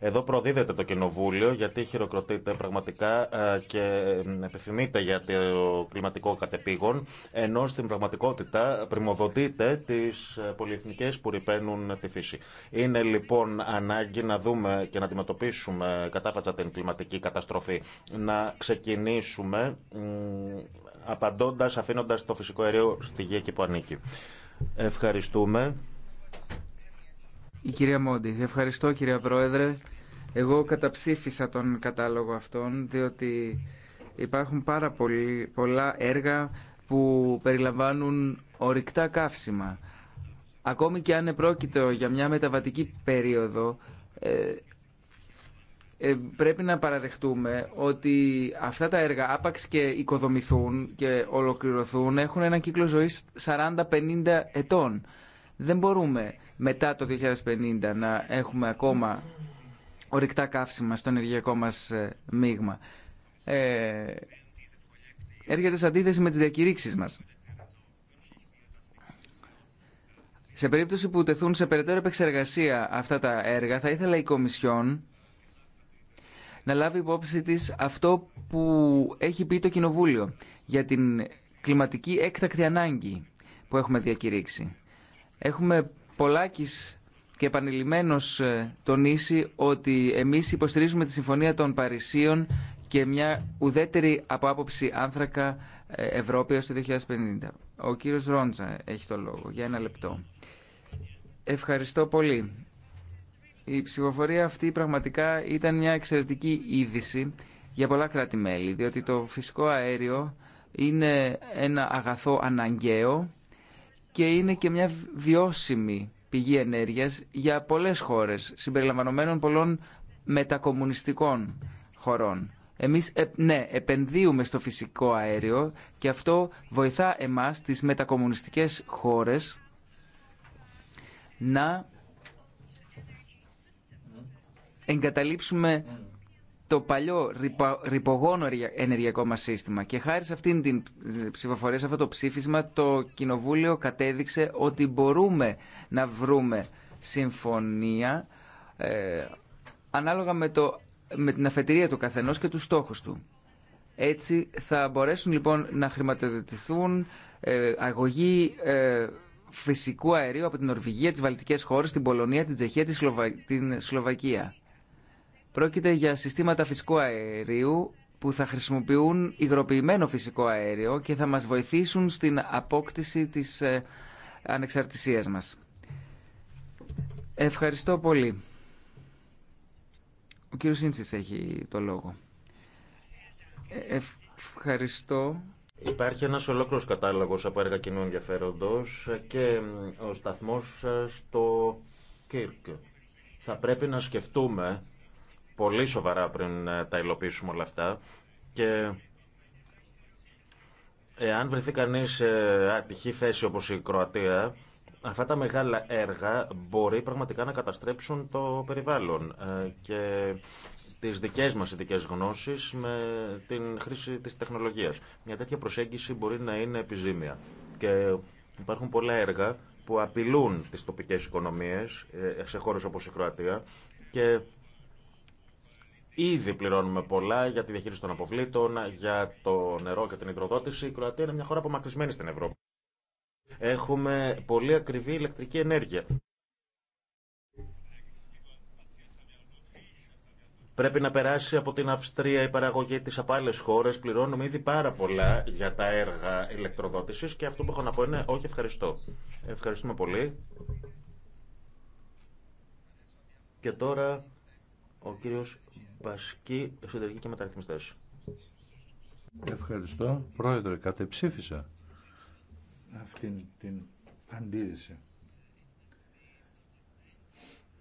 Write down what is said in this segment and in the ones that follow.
Εδώ προδίδεται το Κοινοβούλιο γιατί χειροκροτείται πραγματικά ε, και επιθυμείται για το κλιματικό κατεπήγον, ενώ στην πραγματικότητα πρημοδοτείται τι ε, πολυεθνικέ που ρηπαίνουν τη φύση. Είναι λοιπόν ανάγκη να δούμε και να αντιμετωπίσουμε κατάπατσα την κλιματική καταστροφή, να ξεκινήσουμε απαντώντας, αφήνοντας το φυσικό αέριο στη γη εκεί που ανήκει. Ευχαριστούμε. Η κυρία Μόντι. Ευχαριστώ κυρία Πρόεδρε. Εγώ καταψήφισα τον κατάλογο αυτόν διότι υπάρχουν πάρα πολύ, πολλά έργα που περιλαμβάνουν ορυκτά καύσιμα. Ακόμη και αν επρόκειτο για μια μεταβατική περίοδο, ε, ε, πρέπει να παραδεχτούμε ότι αυτά τα έργα άπαξ και οικοδομηθούν και ολοκληρωθούν έχουν ένα κύκλο ζωής 40-50 ετών. Δεν μπορούμε μετά το 2050 να έχουμε ακόμα ορυκτά καύσιμα στο ενεργειακό μας ε, μείγμα. Ε, έρχεται σε αντίθεση με τις διακηρύξεις μας. Σε περίπτωση που τεθούν σε περαιτέρω επεξεργασία αυτά τα έργα, θα ήθελα η Κομισιόν να λάβει υπόψη της αυτό που έχει πει το Κοινοβούλιο για την κλιματική έκτακτη ανάγκη που έχουμε διακηρύξει. Έχουμε Πολάκης και επανειλημμένος ε, τονίσει ότι εμείς υποστηρίζουμε τη Συμφωνία των Παρισίων και μια ουδέτερη από άποψη άνθρακα ε, Ευρώπη το 2050. Ο κύριος Ρόντζα έχει το λόγο για ένα λεπτό. Ευχαριστώ πολύ. Η ψηφοφορία αυτή πραγματικά ήταν μια εξαιρετική είδηση για πολλά κράτη-μέλη, διότι το φυσικό αέριο είναι ένα αγαθό αναγκαίο και είναι και μια βιώσιμη πηγή ενέργειας για πολλές χώρες, συμπεριλαμβανομένων πολλών μετακομμουνιστικών χωρών. Εμείς, ε, ναι, επενδύουμε στο φυσικό αέριο και αυτό βοηθά εμάς, τις μετακομμουνιστικές χώρες, να εγκαταλείψουμε το παλιό ρηπογόνο ενεργειακό μα σύστημα. Και χάρη σε αυτήν την ψηφοφορία, σε αυτό το ψήφισμα, το Κοινοβούλιο κατέδειξε ότι μπορούμε να βρούμε συμφωνία ε, ανάλογα με, το, με την αφετηρία του καθενός και του στόχου του. Έτσι θα μπορέσουν λοιπόν να χρηματοδοτηθούν ε, αγωγή ε, φυσικού αερίου από την Ορβηγία, τις Βαλτικές χώρες, την Πολωνία, την Τσεχία, τη την Σλοβακία. Πρόκειται για συστήματα φυσικού αερίου που θα χρησιμοποιούν υγροποιημένο φυσικό αέριο και θα μας βοηθήσουν στην απόκτηση της ε, ανεξαρτησίας μας. Ευχαριστώ πολύ. Ο κύριος Σίντσης έχει το λόγο. Ε, ευχαριστώ. Υπάρχει ένας ολόκληρος κατάλογος από έργα κοινού ενδιαφέροντος και ε, ο σταθμός στο Κίρκ. Θα πρέπει να σκεφτούμε πολύ σοβαρά πριν ε, τα υλοποιήσουμε όλα αυτά και εάν βρεθεί κανείς σε ατυχή θέση όπως η Κροατία, αυτά τα μεγάλα έργα μπορεί πραγματικά να καταστρέψουν το περιβάλλον ε, και τις δικές μας ειδικές γνώσεις με την χρήση της τεχνολογίας. Μια τέτοια προσέγγιση μπορεί να είναι επιζήμια και υπάρχουν πολλά έργα που απειλούν τις τοπικές οικονομίες ε, σε χώρες όπως η Κροατία και Ήδη πληρώνουμε πολλά για τη διαχείριση των αποβλήτων, για το νερό και την υδροδότηση. Η Κροατία είναι μια χώρα απομακρυσμένη στην Ευρώπη. Έχουμε πολύ ακριβή ηλεκτρική ενέργεια. Πρέπει να περάσει από την Αυστρία η παραγωγή της από άλλε χώρε. Πληρώνουμε ήδη πάρα πολλά για τα έργα ηλεκτροδότησης. και αυτό που έχω να πω είναι όχι ευχαριστώ. Ευχαριστούμε πολύ. Και τώρα ο κύριος Βασική εσωτερική και μεταρρυθμιστέ. Ευχαριστώ. Πρόεδρε, κατεψήφισα αυτήν την αντίρρηση.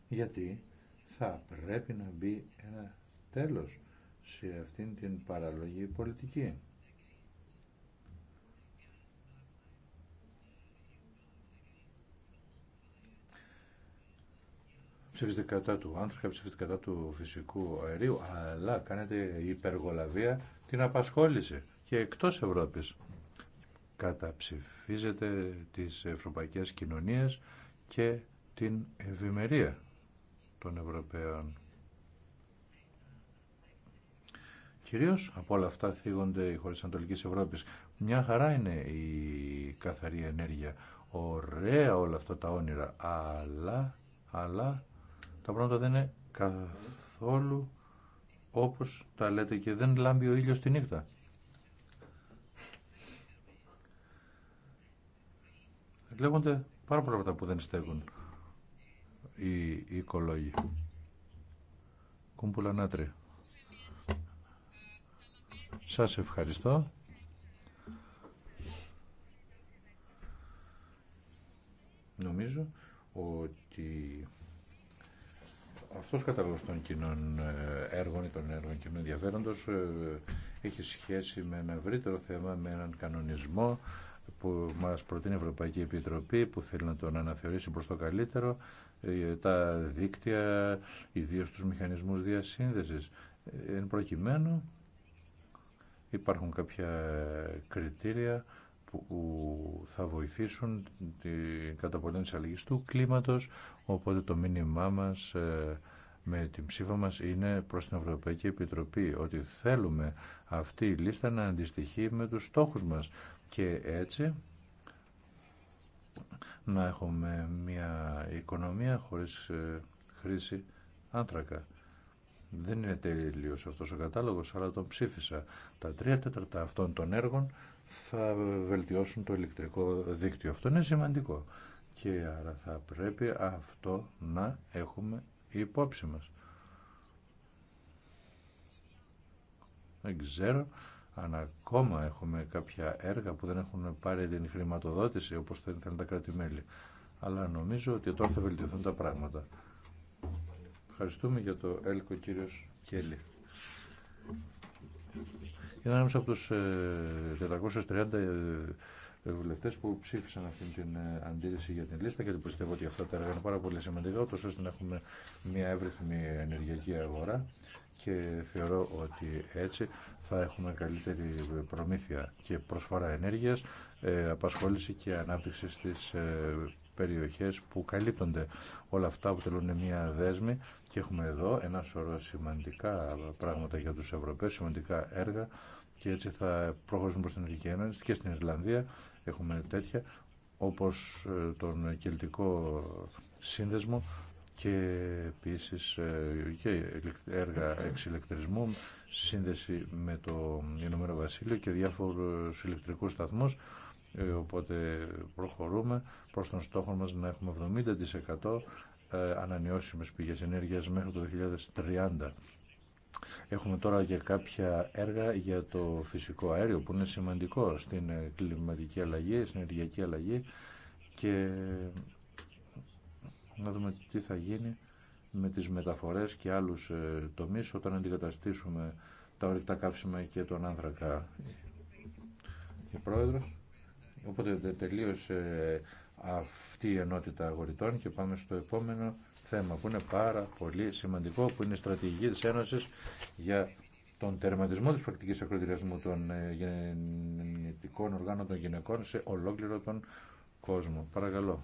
Γιατί θα πρέπει να μπει ένα τέλος σε αυτήν την παραλογή πολιτική. ψηφίζετε κατά του άνθρακα, ψηφίζετε κατά του φυσικού αερίου, αλλά κάνετε υπεργολαβία την απασχόληση και εκτός Ευρώπης. Καταψηφίζετε τις ευρωπαϊκές κοινωνίες και την ευημερία των Ευρωπαίων. Κυρίως από όλα αυτά θίγονται οι χώρες Ανατολικής Ευρώπης. Μια χαρά είναι η καθαρή ενέργεια. Ωραία όλα αυτά τα όνειρα, αλλά, αλλά τα πράγματα δεν είναι καθόλου όπως τα λέτε και δεν λάμπει ο ήλιος τη νύχτα. Λέγονται πάρα πολλά πράγματα που δεν στέγουν οι, οι οικολόγοι. Κούμπουλα Σας ευχαριστώ. Νομίζω ότι αυτός ο κατάλογος των κοινών ε, έργων ή των έργων κοινών ενδιαφέροντος ε, έχει σχέση με ένα ευρύτερο θέμα, με έναν κανονισμό που μας προτείνει η Ευρωπαϊκή Επιτροπή που θέλει να τον αναθεωρήσει προς το καλύτερο ε, τα δίκτυα, ιδίως τους μηχανισμούς διασύνδεσης. Εν προκειμένου υπάρχουν κάποια κριτήρια που θα βοηθήσουν την καταπολέμηση αλλαγής του κλίματος, οπότε το μήνυμά μας ε, με την ψήφα μας είναι προς την Ευρωπαϊκή Επιτροπή ότι θέλουμε αυτή η λίστα να αντιστοιχεί με τους στόχους μας και έτσι να έχουμε μια οικονομία χωρίς ε, χρήση άνθρακα. Δεν είναι τέλειος αυτός ο κατάλογος, αλλά τον ψήφισα. Τα τρία τέταρτα αυτών των έργων θα βελτιώσουν το ηλεκτρικό δίκτυο. Αυτό είναι σημαντικό και άρα θα πρέπει αυτό να έχουμε υπόψη μας. Δεν ξέρω αν ακόμα έχουμε κάποια έργα που δεν έχουν πάρει την χρηματοδότηση όπως θα τα κράτη-μέλη. Αλλά νομίζω ότι τώρα θα βελτιωθούν τα πράγματα. Ευχαριστούμε για το έλκο κύριος Κέλλη είναι ένα από τους 430 ε, ε, ε, βουλευτέ που ψήφισαν αυτή την αντίρρηση για την λίστα και το πιστεύω ότι αυτά τα έργα είναι πάρα πολύ σημαντικά, ούτω ώστε να έχουμε μια εύρυθμη ενεργειακή αγορά και θεωρώ ότι έτσι θα έχουμε καλύτερη προμήθεια και προσφορά ενέργειας, απασχόληση και ανάπτυξη στις περιοχές που καλύπτονται όλα αυτά που μια δέσμη και έχουμε εδώ ένα σωρό σημαντικά πράγματα για τους Ευρωπαίους, σημαντικά έργα και έτσι θα προχωρήσουμε προς την Ελληνική Ένωση και στην Ιρλανδία έχουμε τέτοια όπως ε, τον κελτικό σύνδεσμο και επίσης ε, και έργα εξηλεκτρισμού, σύνδεση με το Ηνωμένο Βασίλειο και διάφορους ηλεκτρικούς σταθμούς ε, οπότε προχωρούμε προς τον στόχο μας να έχουμε 70% ε, ανανεώσιμες πηγές ενέργειας μέχρι το 2030. Έχουμε τώρα και κάποια έργα για το φυσικό αέριο που είναι σημαντικό στην ε, κλιματική αλλαγή, στην ενεργειακή αλλαγή και να δούμε τι θα γίνει με τις μεταφορές και άλλους ε, τομείς όταν αντικαταστήσουμε τα ορυκτά κάψιμα και τον άνθρακα. Η Οπότε τελείωσε αυτή η ενότητα αγοριτών και πάμε στο επόμενο θέμα που είναι πάρα πολύ σημαντικό που είναι η στρατηγική της Ένωσης για τον τερματισμό της πρακτικής ακροτηριασμού των ε, γεννητικών οργάνων των γυναικών σε ολόκληρο τον κόσμο. Παρακαλώ.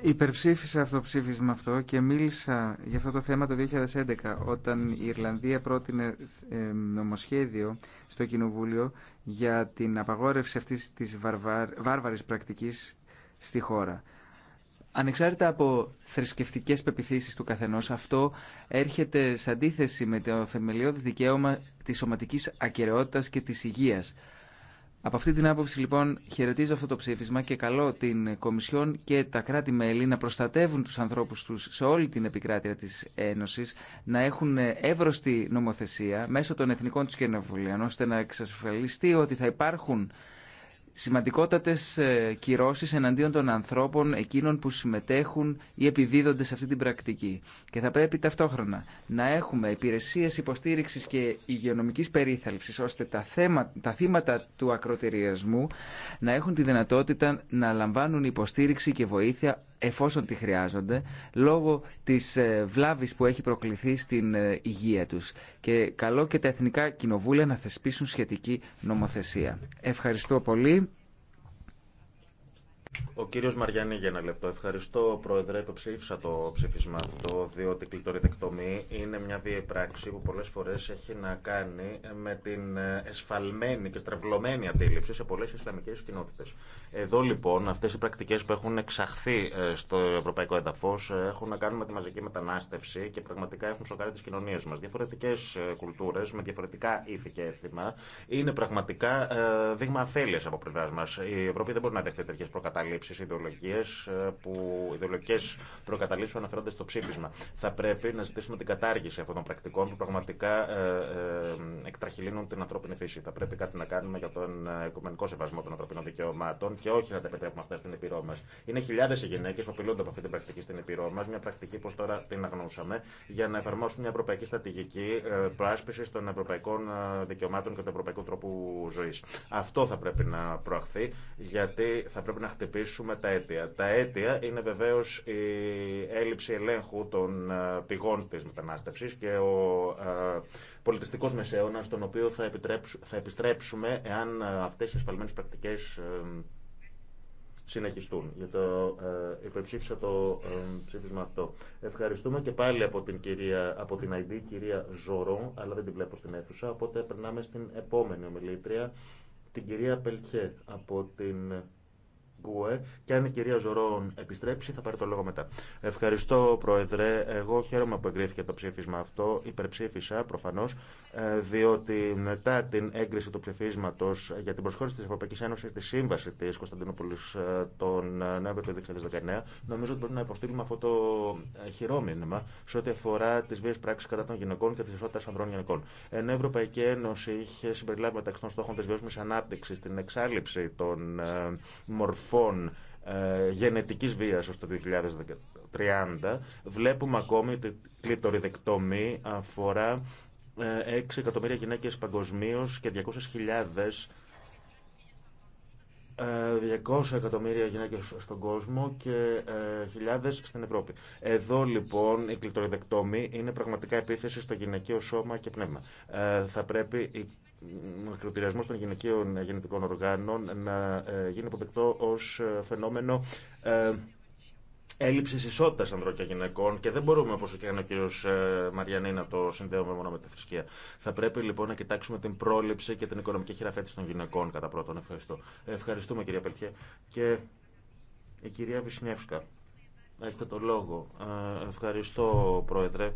Υπερψήφισα αυτό το ψήφισμα αυτό και μίλησα για αυτό το θέμα το 2011 όταν η Ιρλανδία πρότεινε ε, νομοσχέδιο στο Κοινοβούλιο για την απαγόρευση αυτής της βάρβαρης πρακτικής στη χώρα. Ανεξάρτητα από θρησκευτικές πεπιθήσεις του καθενός, αυτό έρχεται σε αντίθεση με το θεμελιώδη δικαίωμα της σωματικής ακαιρεότητας και της υγείας. Από αυτή την άποψη λοιπόν χαιρετίζω αυτό το ψήφισμα και καλώ την Κομισιόν και τα κράτη-μέλη να προστατεύουν τους ανθρώπους τους σε όλη την επικράτεια της Ένωσης, να έχουν εύρωστη νομοθεσία μέσω των εθνικών τους κοινοβουλίων, ώστε να εξασφαλιστεί ότι θα υπάρχουν σημαντικότατες ε, κυρώσεις εναντίον των ανθρώπων εκείνων που συμμετέχουν ή επιδίδονται σε αυτή την πρακτική. Και θα πρέπει ταυτόχρονα να έχουμε υπηρεσίες υποστήριξης και υγειονομικής περίθαλψης ώστε τα, τα θύματα του ακροτηριασμού να έχουν τη δυνατότητα να λαμβάνουν υποστήριξη και βοήθεια εφόσον τη χρειάζονται, λόγω της ε, βλάβης που έχει προκληθεί στην ε, υγεία τους. Και καλό και τα Εθνικά Κοινοβούλια να θεσπίσουν σχετική νομοθεσία. Ευχαριστώ πολύ. Ο κύριος Μαριανή για ένα λεπτό. Ευχαριστώ, Πρόεδρε. Υποψήφισα το ψήφισμα αυτό, διότι η κλειτοριδεκτομή είναι μια βία πράξη που πολλές φορές έχει να κάνει με την εσφαλμένη και στρεβλωμένη αντίληψη σε πολλές Ισλαμικές κοινότητες. Εδώ λοιπόν αυτές οι πρακτικές που έχουν εξαχθεί ε, στο ευρωπαϊκό εδαφός ε, έχουν να κάνουν με τη μαζική μετανάστευση και πραγματικά έχουν σοκάρει τις κοινωνίες μας. Διαφορετικές ε, κουλτούρες με διαφορετικά ήθη και έθιμα είναι πραγματικά δείγμα αφέλειας από μας. Η Ευρώπη δεν μπορεί να δεχτεί τέτοιες προκατάσεις προκαταλήψει, ιδεολογίες, ε, που οι προκαταλήψεις που αναφέρονται στο ψήφισμα. Θα πρέπει να ζητήσουμε την κατάργηση αυτών των πρακτικών που πραγματικά ε, ε, εκτραχυλίνουν την ανθρώπινη φύση. Θα πρέπει κάτι να κάνουμε για τον ε, οικουμενικό σεβασμό των ανθρωπίνων δικαιωμάτων και όχι να τα επιτρέπουμε αυτά στην επιρρό μα. Είναι χιλιάδε οι γυναίκε που απειλούνται από αυτή την πρακτική στην επιρρό μα, μια πρακτική που τώρα την αγνοούσαμε, για να εφαρμόσουμε μια ευρωπαϊκή στρατηγική ε, προάσπιση των ευρωπαϊκών δικαιωμάτων και του ευρωπαϊκού τρόπου ζωή. Αυτό θα πρέπει να προαχθεί, γιατί θα πρέπει να χτυπήσουμε χτυπήσουμε τα αίτια. Τα αίτια είναι βεβαίω η έλλειψη ελέγχου των ε, πηγών τη μετανάστευση και ο ε, πολιτιστικό μεσαίωνα, τον οποίο θα, θα επιστρέψουμε εάν ε, αυτέ οι ασφαλμένε πρακτικέ συνεχιστούν. Για το, ε, υπερψήφισα το ε, ψήφισμα αυτό. Ευχαριστούμε και πάλι από την, κυρία, από την ID, κυρία Ζωρό, αλλά δεν την βλέπω στην αίθουσα, οπότε περνάμε στην επόμενη ομιλήτρια, την κυρία Πελτιέ από την και αν η κυρία Ζωρόν επιστρέψει θα πάρει το λόγο μετά. Ευχαριστώ Πρόεδρε. Εγώ χαίρομαι που εγκρίθηκε το ψήφισμα αυτό. Υπερψήφισα προφανώς ε, διότι μετά την έγκριση του ψηφίσματος για την προσχώρηση της Ευρωπαϊκής Ένωσης στη σύμβαση της Κωνσταντινούπολης ε, τον Νέα του 2019 νομίζω ότι πρέπει να υποστήλουμε αυτό το ε, χειρό μήνυμα σε ό,τι αφορά τις βίες πράξεις κατά των γυναικών και τις ισότητα ανδρών γυναικών. Ενώ η Ευρωπαϊκή Ένωση είχε συμπεριλάβει μεταξύ των στόχων της βιώσιμης ανάπτυξης την εξάλληψη των μορφών μορφών ε, γενετικής βίας ως το 2030 βλέπουμε ακόμη ότι η κλειτοριδεκτομή αφορά 6 ε, εκατομμύρια γυναίκες παγκοσμίω και 200.000 200 ε, εκατομμύρια γυναίκες στον κόσμο και χιλιάδες στην Ευρώπη. Εδώ λοιπόν η κλειτοριδεκτόμη είναι πραγματικά επίθεση στο γυναικείο σώμα και πνεύμα. θα πρέπει μακροπηρεασμός των γυναικείων ε, γενετικών οργάνων να ε, γίνει αποδεκτό ως ε, φαινόμενο έλλειψη ισότητα ανδρών και γυναικών και δεν μπορούμε, όπω και ο κύριο Μαριανή, να το συνδέουμε μόνο με τη θρησκεία. Θα πρέπει λοιπόν να κοιτάξουμε την πρόληψη και την οικονομική χειραφέτηση των γυναικών κατά πρώτον. Ευχαριστώ. Ευχαριστούμε, κυρία Πελτιέ. Και η κυρία Βυσνιεύσκα. Έχετε το λόγο. Ευχαριστώ, Πρόεδρε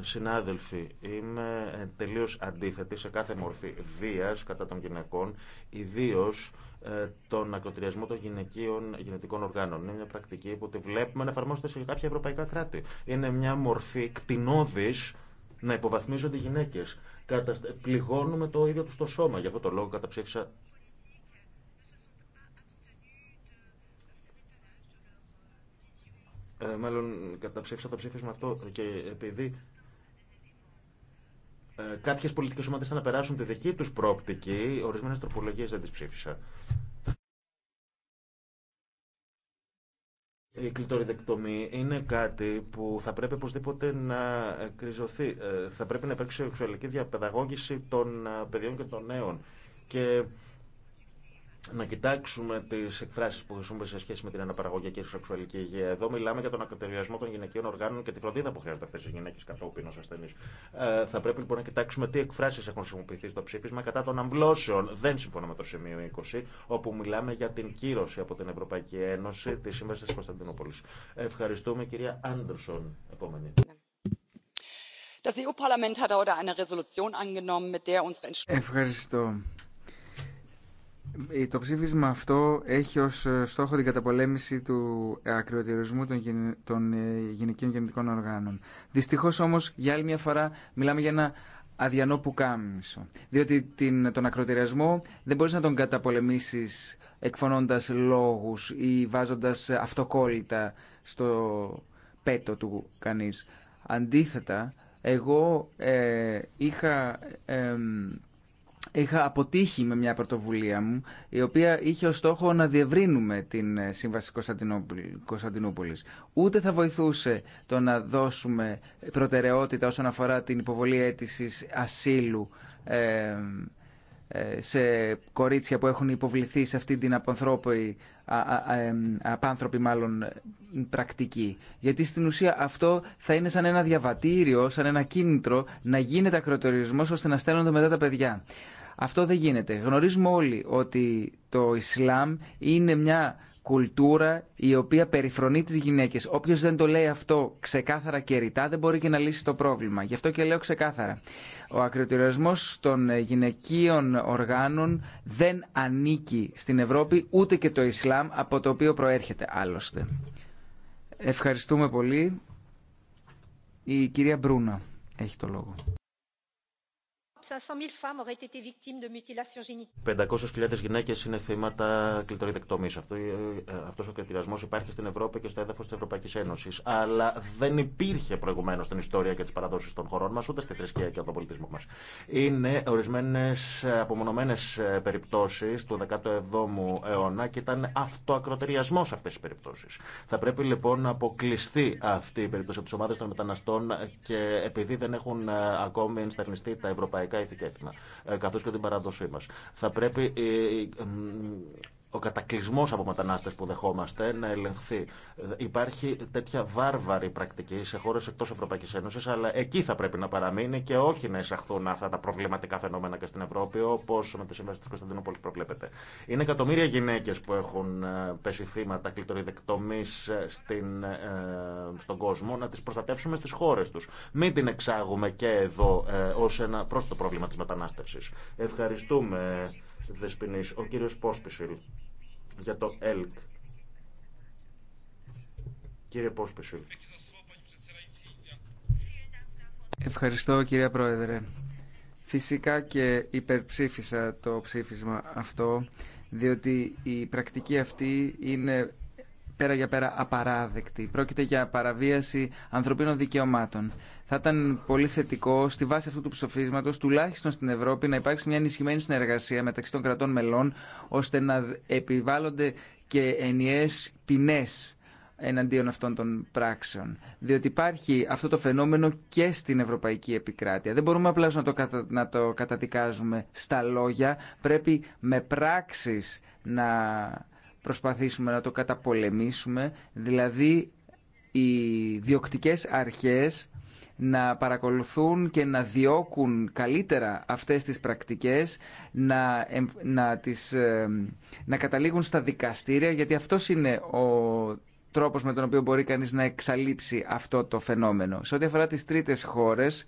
συνάδελφοι, είμαι τελείως αντίθετη σε κάθε μορφή βίας κατά των γυναικών, ιδίως ε, τον ακροτηριασμό των γυναικείων γενετικών οργάνων. Είναι μια πρακτική που τη βλέπουμε να εφαρμόζεται σε κάποια ευρωπαϊκά κράτη. Είναι μια μορφή κτηνώδης να υποβαθμίζονται οι γυναίκες. Πληγώνουμε το ίδιο του το σώμα. Γι' αυτό το λόγο καταψήφισα ε, μάλλον καταψήφισα το ψήφισμα αυτό και επειδή ε, κάποιες πολιτικές ομάδες θα να περάσουν τη δική του πρόπτικη, ορισμένες τροπολογίες δεν τι ψήφισα. Η κλειτοριδεκτομή είναι κάτι που θα πρέπει οπωσδήποτε να ε, κρυζωθεί. Ε, θα πρέπει να υπάρξει σεξουαλική διαπαιδαγώγηση των ε, παιδιών και των νέων. Και να κοιτάξουμε τι εκφράσει που χρησιμοποιούμε σε σχέση με την αναπαραγωγική και σεξουαλική υγεία. Εδώ μιλάμε για τον ακροτεριασμό των γυναικείων οργάνων και τη φροντίδα που χρειάζονται αυτέ οι γυναίκε κατόπιν ω ασθενεί. Ε, θα πρέπει λοιπόν να κοιτάξουμε τι εκφράσει έχουν χρησιμοποιηθεί στο ψήφισμα κατά των αμβλώσεων. Δεν συμφωνώ με το σημείο 20, όπου μιλάμε για την κύρωση από την Ευρωπαϊκή Ένωση τη Σύμβαση τη Κωνσταντινούπολη. Ευχαριστούμε, κυρία Άντερσον. Επόμενη. Ευχαριστώ. Το ψήφισμα αυτό έχει ως ε, στόχο την καταπολέμηση του ε, ακροτηρισμού των ε, γυναικείων γεννητικών οργάνων. Δυστυχώς όμως για άλλη μια φορά μιλάμε για ένα αδιανό πουκάμισο. Διότι την, τον ακροτηριασμό δεν μπορείς να τον καταπολεμήσεις εκφωνώντας λόγους ή βάζοντας αυτοκόλλητα στο πέτο του κανείς. Αντίθετα, εγώ είχα είχα αποτύχει με μια πρωτοβουλία μου, η οποία είχε ως στόχο να διευρύνουμε την ε, Σύμβαση Κωνσταντινούπολης. Ούτε θα βοηθούσε το να δώσουμε προτεραιότητα όσον αφορά την υποβολή αίτησης ασύλου ε, ε, σε κορίτσια που έχουν υποβληθεί σε αυτή την απανθρώπη, απάνθρωπη μάλλον πρακτική. Γιατί στην ουσία αυτό θα είναι σαν ένα διαβατήριο, σαν ένα κίνητρο να γίνεται ακροτερισμός ώστε να στέλνονται μετά τα παιδιά. Αυτό δεν γίνεται. Γνωρίζουμε όλοι ότι το Ισλάμ είναι μια κουλτούρα η οποία περιφρονεί τις γυναίκες. Όποιος δεν το λέει αυτό ξεκάθαρα και ρητά δεν μπορεί και να λύσει το πρόβλημα. Γι' αυτό και λέω ξεκάθαρα. Ο ακροτηριασμός των γυναικείων οργάνων δεν ανήκει στην Ευρώπη ούτε και το Ισλάμ από το οποίο προέρχεται άλλωστε. Ευχαριστούμε πολύ. Η κυρία Μπρούνα έχει το λόγο. 500.000 γυναίκε είναι θύματα κλειτοριδεκτομή. Ε, Αυτό ο κλητηριασμό υπάρχει στην Ευρώπη και στο έδαφο τη Ευρωπαϊκή Ένωση. Αλλά δεν υπήρχε προηγουμένω στην ιστορία και τι παραδόσει των χωρών μα, ούτε στη θρησκεία και τον πολιτισμό μα. Είναι ορισμένε απομονωμένε ε, περιπτώσει του 17ου αιώνα και ήταν αυτοακροτεριασμό αυτέ οι περιπτώσει. Θα πρέπει λοιπόν να αποκλειστεί αυτή η περίπτωση από τι ομάδε των μεταναστών και επειδή δεν έχουν ε, ακόμη ενστερνιστεί τα ευρωπαϊκά ηθικά έθιμα, ε, καθώς και την παράδοσή μας. Θα πρέπει ε, ε, ο κατακλυσμός από μετανάστες που δεχόμαστε να ελεγχθεί. Υπάρχει τέτοια βάρβαρη πρακτική σε χώρες εκτός Ευρωπαϊκή Ένωση, αλλά εκεί θα πρέπει να παραμείνει και όχι να εισαχθούν αυτά τα προβληματικά φαινόμενα και στην Ευρώπη, όπως με τη Σύμβαση τη Κωνσταντινούπολη προβλέπεται. Είναι εκατομμύρια γυναίκες που έχουν ε, πέσει θύματα ε, ε, στον κόσμο, να τις προστατεύσουμε στις χώρες του. Μην την εξάγουμε και εδώ ε, ω ένα πρόσθετο πρόβλημα της μετανάστευση. Ευχαριστούμε. Δεσποινής, ο κύριος Πόσπισιλ για το ΕΛΚ. Κύριε Πόσπεσου. Ευχαριστώ κύριε Πρόεδρε. Φυσικά και υπερψήφισα το ψήφισμα αυτό, διότι η πρακτική αυτή είναι πέρα για πέρα απαράδεκτη. Πρόκειται για παραβίαση ανθρωπίνων δικαιωμάτων. Θα ήταν πολύ θετικό στη βάση αυτού του ψηφίσματο, τουλάχιστον στην Ευρώπη, να υπάρξει μια ενισχυμένη συνεργασία μεταξύ των κρατών μελών, ώστε να επιβάλλονται και ενιαίε ποινέ εναντίον αυτών των πράξεων. Διότι υπάρχει αυτό το φαινόμενο και στην ευρωπαϊκή επικράτεια. Δεν μπορούμε απλά να το, κατα... να το καταδικάζουμε στα λόγια. Πρέπει με πράξεις να προσπαθήσουμε να το καταπολεμήσουμε, δηλαδή οι διοκτικές αρχές να παρακολουθούν και να διώκουν καλύτερα αυτές τις πρακτικές, να, να, τις, ε, να καταλήγουν στα δικαστήρια, γιατί αυτό είναι ο τρόπος με τον οποίο μπορεί κανείς να εξαλείψει αυτό το φαινόμενο. Σε ό,τι αφορά τις τρίτες χώρες,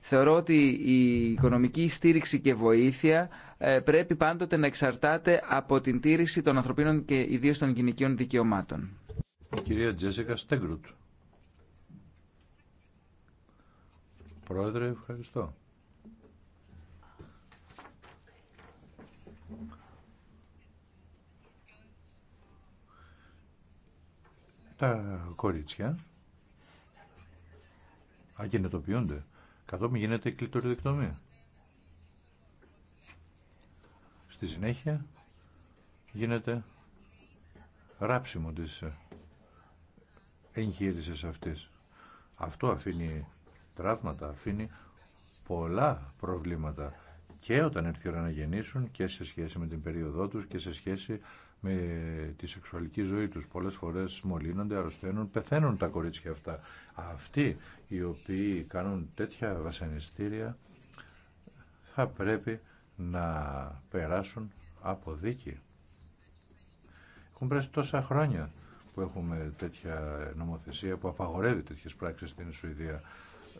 Θεωρώ ότι η οικονομική στήριξη και βοήθεια ε, πρέπει πάντοτε να εξαρτάται από την τήρηση των ανθρωπίνων και ιδίως των γυναικείων δικαιωμάτων. Η κυρία Τζέσικα Στέγκρουτ. Πρόεδρε, ευχαριστώ. Τα κορίτσια ακινητοποιούνται Κατόπιν γίνεται κλειτοριδεκτομία. Στη συνέχεια γίνεται ράψιμο της ε, εγχείρησης αυτής. Αυτό αφήνει τραύματα, αφήνει πολλά προβλήματα και όταν έρθει η ώρα να γεννήσουν και σε σχέση με την περίοδό τους και σε σχέση με τη σεξουαλική ζωή τους. Πολλές φορές μολύνονται, αρρωσταίνουν, πεθαίνουν τα κορίτσια αυτά. Αυτοί οι οποίοι κάνουν τέτοια βασανιστήρια θα πρέπει να περάσουν από δίκη. Έχουν πρέσει τόσα χρόνια που έχουμε τέτοια νομοθεσία που απαγορεύει τέτοιες πράξεις στην Σουηδία.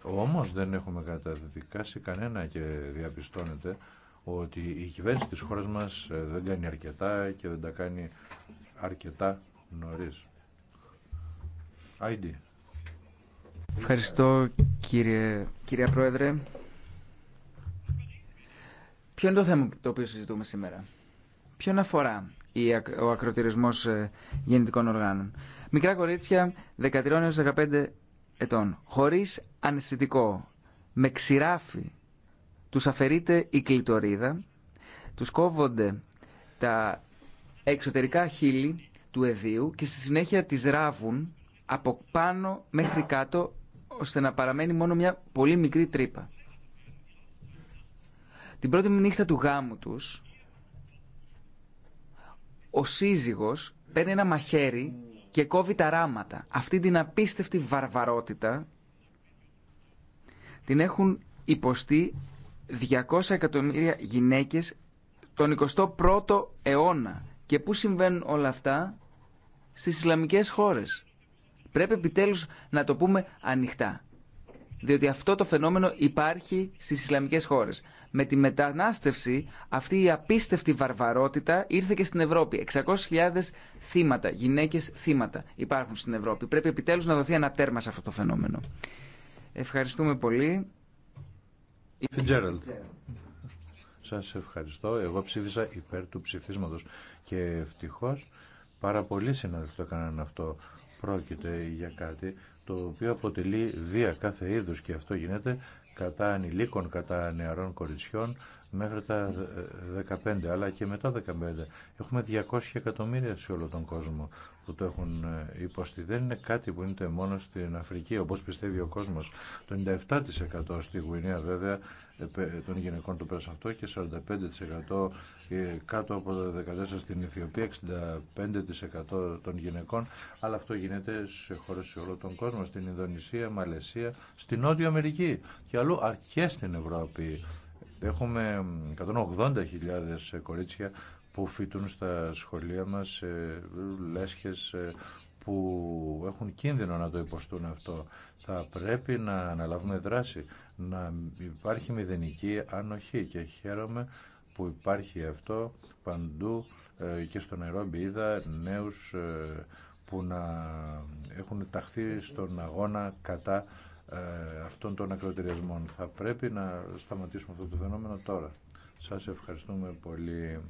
Όμως δεν έχουμε καταδικάσει κανένα και διαπιστώνεται ότι η κυβέρνηση της χώρας μας ε, δεν κάνει αρκετά και δεν τα κάνει αρκετά νωρίς. Ευχαριστώ κύριε, κυρία Πρόεδρε. Ποιο είναι το θέμα το οποίο συζητούμε σήμερα. Ποιον αφορά ο ακροτηρισμός ε, γεννητικών οργάνων. Μικρά κορίτσια 13 έως 15 ετών, χωρίς αναισθητικό, με ξηράφι, τους αφαιρείται η κλειτορίδα, τους κόβονται τα εξωτερικά χείλη του εδίου και στη συνέχεια τις ράβουν από πάνω μέχρι κάτω ώστε να παραμένει μόνο μια πολύ μικρή τρύπα. Την πρώτη νύχτα του γάμου τους ο σύζυγος παίρνει ένα μαχαίρι και κόβει τα ράματα. Αυτή την απίστευτη βαρβαρότητα την έχουν υποστεί 200 εκατομμύρια γυναίκες τον 21ο αιώνα. Και πού συμβαίνουν όλα αυτά στις Ισλαμικές χώρες. Πρέπει επιτέλους να το πούμε ανοιχτά. Διότι αυτό το φαινόμενο υπάρχει στις Ισλαμικές χώρες. Με τη μετανάστευση αυτή η απίστευτη βαρβαρότητα ήρθε και στην Ευρώπη. 600.000 θύματα, γυναίκες θύματα υπάρχουν στην Ευρώπη. Πρέπει επιτέλους να δοθεί ένα τέρμα σε αυτό το φαινόμενο. Ευχαριστούμε πολύ. Φιτζέραλτ. Σας ευχαριστώ. Εγώ ψήφισα υπέρ του ψηφίσματο. και ευτυχώς πάρα πολλοί συνάδελφοι το έκαναν αυτό. Πρόκειται για κάτι το οποίο αποτελεί βία κάθε είδους και αυτό γίνεται κατά ανηλίκων, κατά νεαρών κοριτσιών, μέχρι τα 15 αλλά και μετά 15. Έχουμε 200 εκατομμύρια σε όλο τον κόσμο που το έχουν ε, υποστεί. Δεν είναι κάτι που είναι μόνο στην Αφρική όπως πιστεύει ο κόσμος. Το 97% στη Γουινέα βέβαια ε, των γυναικών το πέρασε αυτό και 45% ε, κάτω από το 14% στην Ιθιοπία 65% των γυναικών, αλλά αυτό γίνεται σε χώρες σε όλο τον κόσμο, στην Ινδονησία, Μαλαισία, στην Νότια Αμερική και αλλού και στην Ευρώπη. Έχουμε 180.000 ε, κορίτσια που φοιτούν στα σχολεία μας ε, λέσχες ε, που έχουν κίνδυνο να το υποστούν αυτό. Θα πρέπει να αναλάβουμε δράση, να υπάρχει μηδενική ανοχή και χαίρομαι που υπάρχει αυτό παντού και στο νερό είδα νέους που να έχουν ταχθεί στον αγώνα κατά ε, αυτών των ακροτηριασμών. Θα πρέπει να σταματήσουμε αυτό το φαινόμενο τώρα. Σας ευχαριστούμε πολύ.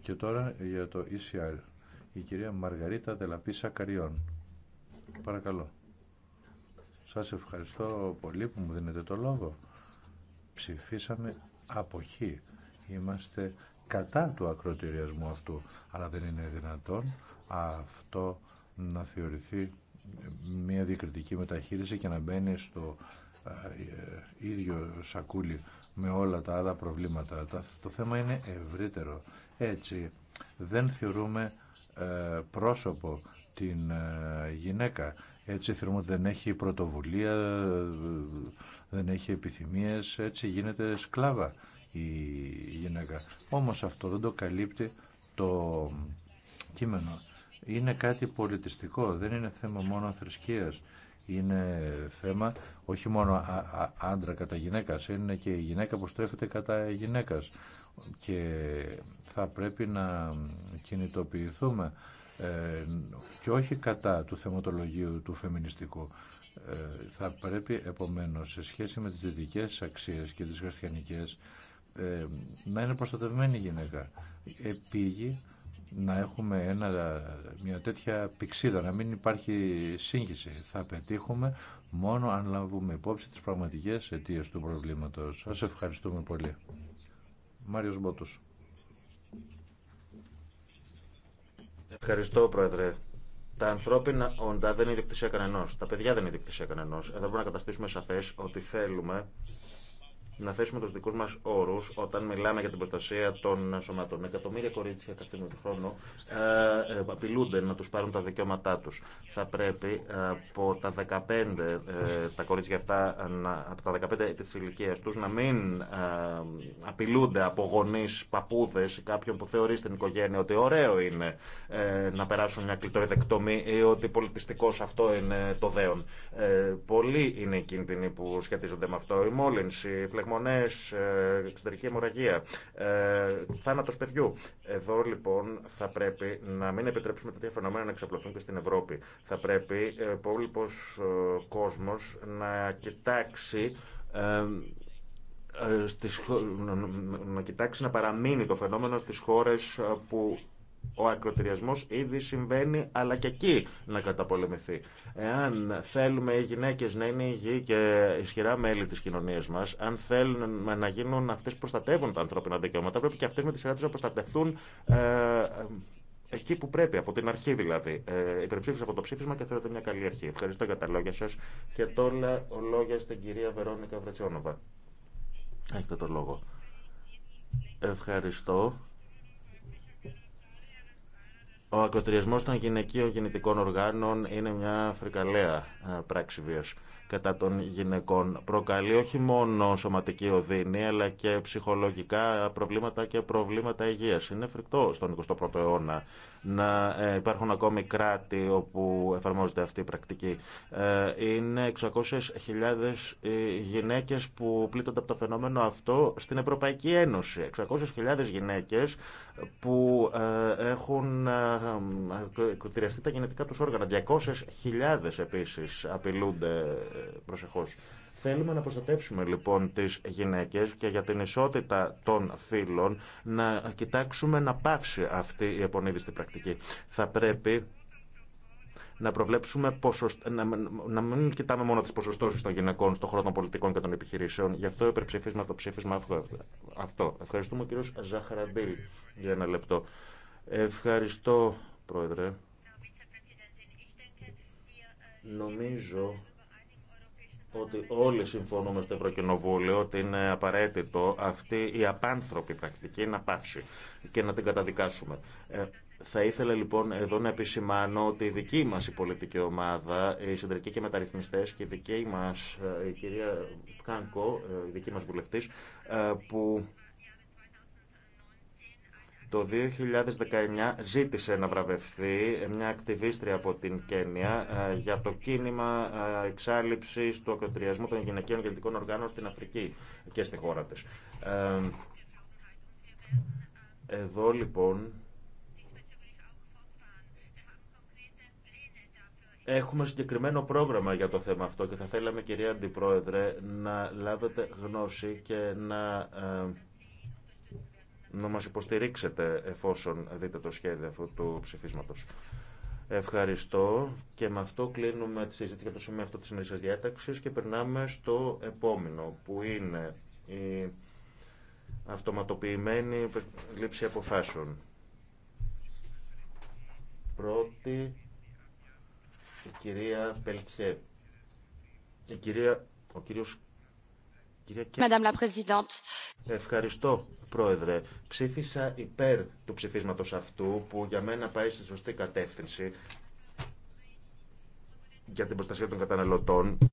Και τώρα για το ECR. Η κυρία Μαργαρίτα Τελαπίσα Καριών. Παρακαλώ. Σας ευχαριστώ πολύ που μου δίνετε το λόγο. Ψηφίσαμε αποχή. Είμαστε κατά του ακροτηριασμού αυτού. Αλλά δεν είναι δυνατόν αυτό να θεωρηθεί μια διακριτική μεταχείριση και να μπαίνει στο ε, ίδιο σακούλι με όλα τα άλλα προβλήματα. Το θέμα είναι ευρύτερο. Έτσι, δεν θεωρούμε ε, πρόσωπο την ε, γυναίκα. Έτσι θεωρούμε ότι δεν έχει πρωτοβουλία, δεν έχει επιθυμίες, έτσι γίνεται σκλάβα η γυναίκα. Όμως αυτό δεν το καλύπτει το κείμενο είναι κάτι πολιτιστικό, δεν είναι θέμα μόνο θρησκείας. Είναι θέμα όχι μόνο άντρα κατά γυναίκας, είναι και η γυναίκα που στρέφεται κατά γυναίκας. Και θα πρέπει να κινητοποιηθούμε ε, και όχι κατά του θεματολογίου του φεμινιστικού. Ε, θα πρέπει επομένως σε σχέση με τις δυτικές αξίες και τις χριστιανικές ε, να είναι προστατευμένη η γυναίκα. Επίγει να έχουμε ένα, μια τέτοια πηξίδα, να μην υπάρχει σύγχυση. Θα πετύχουμε μόνο αν λάβουμε υπόψη τις πραγματικές αιτίες του προβλήματος. Σας ευχαριστούμε πολύ. Μάριος Μπότος. Ευχαριστώ, Πρόεδρε. Τα ανθρώπινα όντα δεν είναι διεκτησία κανενό. Τα παιδιά δεν είναι διεκτησία κανενό. Εδώ πρέπει να καταστήσουμε σαφέ ότι θέλουμε να θέσουμε τους δικούς μας όρους όταν μιλάμε για την προστασία των σωματών. Εκατομμύρια κορίτσια κάθε χρόνο ε, ε, απειλούνται να τους πάρουν τα δικαιώματά τους. Θα πρέπει ε, από τα 15 ε, τα κορίτσια αυτά, από τα 15 της ηλικία τους, να μην απειλούνται από γονεί, παππούδες ή κάποιον που θεωρεί στην οικογένεια ότι ωραίο είναι να περάσουν μια κλειτοριδεκτομή ή ότι πολιτιστικός αυτό είναι το δέον. Ε, πολλοί είναι οι κίνδυνοι που σχετίζονται με αυτό. Η οτι πολιτιστικό αυτο ειναι το δεον πολλοι ειναι οι κινδυνοι που σχετιζονται με αυτο η μονές ε, εξωτερική αιμορραγία, ε, θάνατο παιδιού. Εδώ λοιπόν θα πρέπει να μην επιτρέψουμε τέτοια φαινομένα να εξαπλωθούν και στην Ευρώπη. Θα πρέπει ε, ο υπόλοιπο κόσμος να κοιτάξει στις, να κοιτάξει να παραμείνει το φαινόμενο στις χώρες που ο ακροτηριασμός ήδη συμβαίνει, αλλά και εκεί να καταπολεμηθεί. Εάν θέλουμε οι γυναίκες να είναι υγιεί και ισχυρά μέλη της κοινωνίας μας, αν θέλουν να γίνουν αυτές που προστατεύουν τα ανθρώπινα δικαιώματα, πρέπει και αυτές με τη σειρά τους να προστατευτούν ε, ε εκεί που πρέπει, από την αρχή δηλαδή. Ε, υπερψήφισα από το ψήφισμα και θέλετε μια καλή αρχή. Ευχαριστώ για τα λόγια σας και τώρα ο λόγια στην κυρία Βερόνικα Βρετσιόνοβα. Έχετε το λόγο. Ευχαριστώ. Ο ακροτηριασμό των γυναικείων γεννητικών οργάνων είναι μια φρικαλαία ε, πράξη βίας κατά των γυναικών. Προκαλεί όχι μόνο σωματική οδύνη, αλλά και ψυχολογικά προβλήματα και προβλήματα υγείας. Είναι φρικτό στον 21ο αιώνα να ε, υπάρχουν ακόμη κράτη όπου εφαρμόζεται αυτή η πρακτική. Ε, είναι 600.000 ε, γυναίκες που πλήττονται από το φαινόμενο αυτό στην Ευρωπαϊκή Ένωση. 600.000 γυναίκες που έχουν εκτηρεστεί τα γενετικά τους όργανα. 200.000 επίσης απειλούνται προσεχώς. Θέλουμε να προστατεύσουμε λοιπόν τις γυναίκες και για την ισότητα των φύλων να κοιτάξουμε να πάυσει αυτή η επονίδιστη πρακτική. Θα πρέπει να προβλέψουμε να, μην κοιτάμε μόνο τις ποσοστώσεις των γυναικών στον χώρο των πολιτικών και των επιχειρήσεων. Γι' αυτό υπερψήφισμα το ψήφισμα αυτό. αυτό. Ευχαριστούμε ο κύριος Ζαχαραντήλ για ένα λεπτό. Ευχαριστώ, Πρόεδρε. Νομίζω ότι όλοι συμφωνούμε στο Ευρωκοινοβούλιο ότι είναι απαραίτητο αυτή η απάνθρωπη πρακτική να πάψει και να την καταδικάσουμε. Ε, θα ήθελα λοιπόν εδώ να επισημάνω ότι η δική μας η πολιτική ομάδα, οι συντρικοί και μεταρρυθμιστές και η δική μας ε, η κυρία Κάνκο, ε, η δική μας βουλευτής, που το 2019 ζήτησε να βραβευθεί μια ακτιβίστρια από την Κένια ε, για το κίνημα ε, εξάλληψης του ακροτηριασμού των γυναικείων γεννητικών οργάνων στην Αφρική και στη χώρα της. Ε, εδώ λοιπόν Έχουμε συγκεκριμένο πρόγραμμα για το θέμα αυτό και θα θέλαμε κυρία Αντιπρόεδρε να λάβετε γνώση και να να μας υποστηρίξετε εφόσον δείτε το σχέδιο αυτού του ψηφίσματος. Ευχαριστώ και με αυτό κλείνουμε τη συζήτηση για το σημείο αυτό της σημερινής διάταξης και περνάμε στο επόμενο που είναι η αυτοματοποιημένη λήψη αποφάσεων. Πρώτη η κυρία Πελτιέ. Η κυρία, ο κύριος Présidente. Ευχαριστώ, Πρόεδρε. Ψήφισα υπέρ του ψηφίσματος αυτού που για μένα πάει στη σωστή κατεύθυνση για την προστασία των καταναλωτών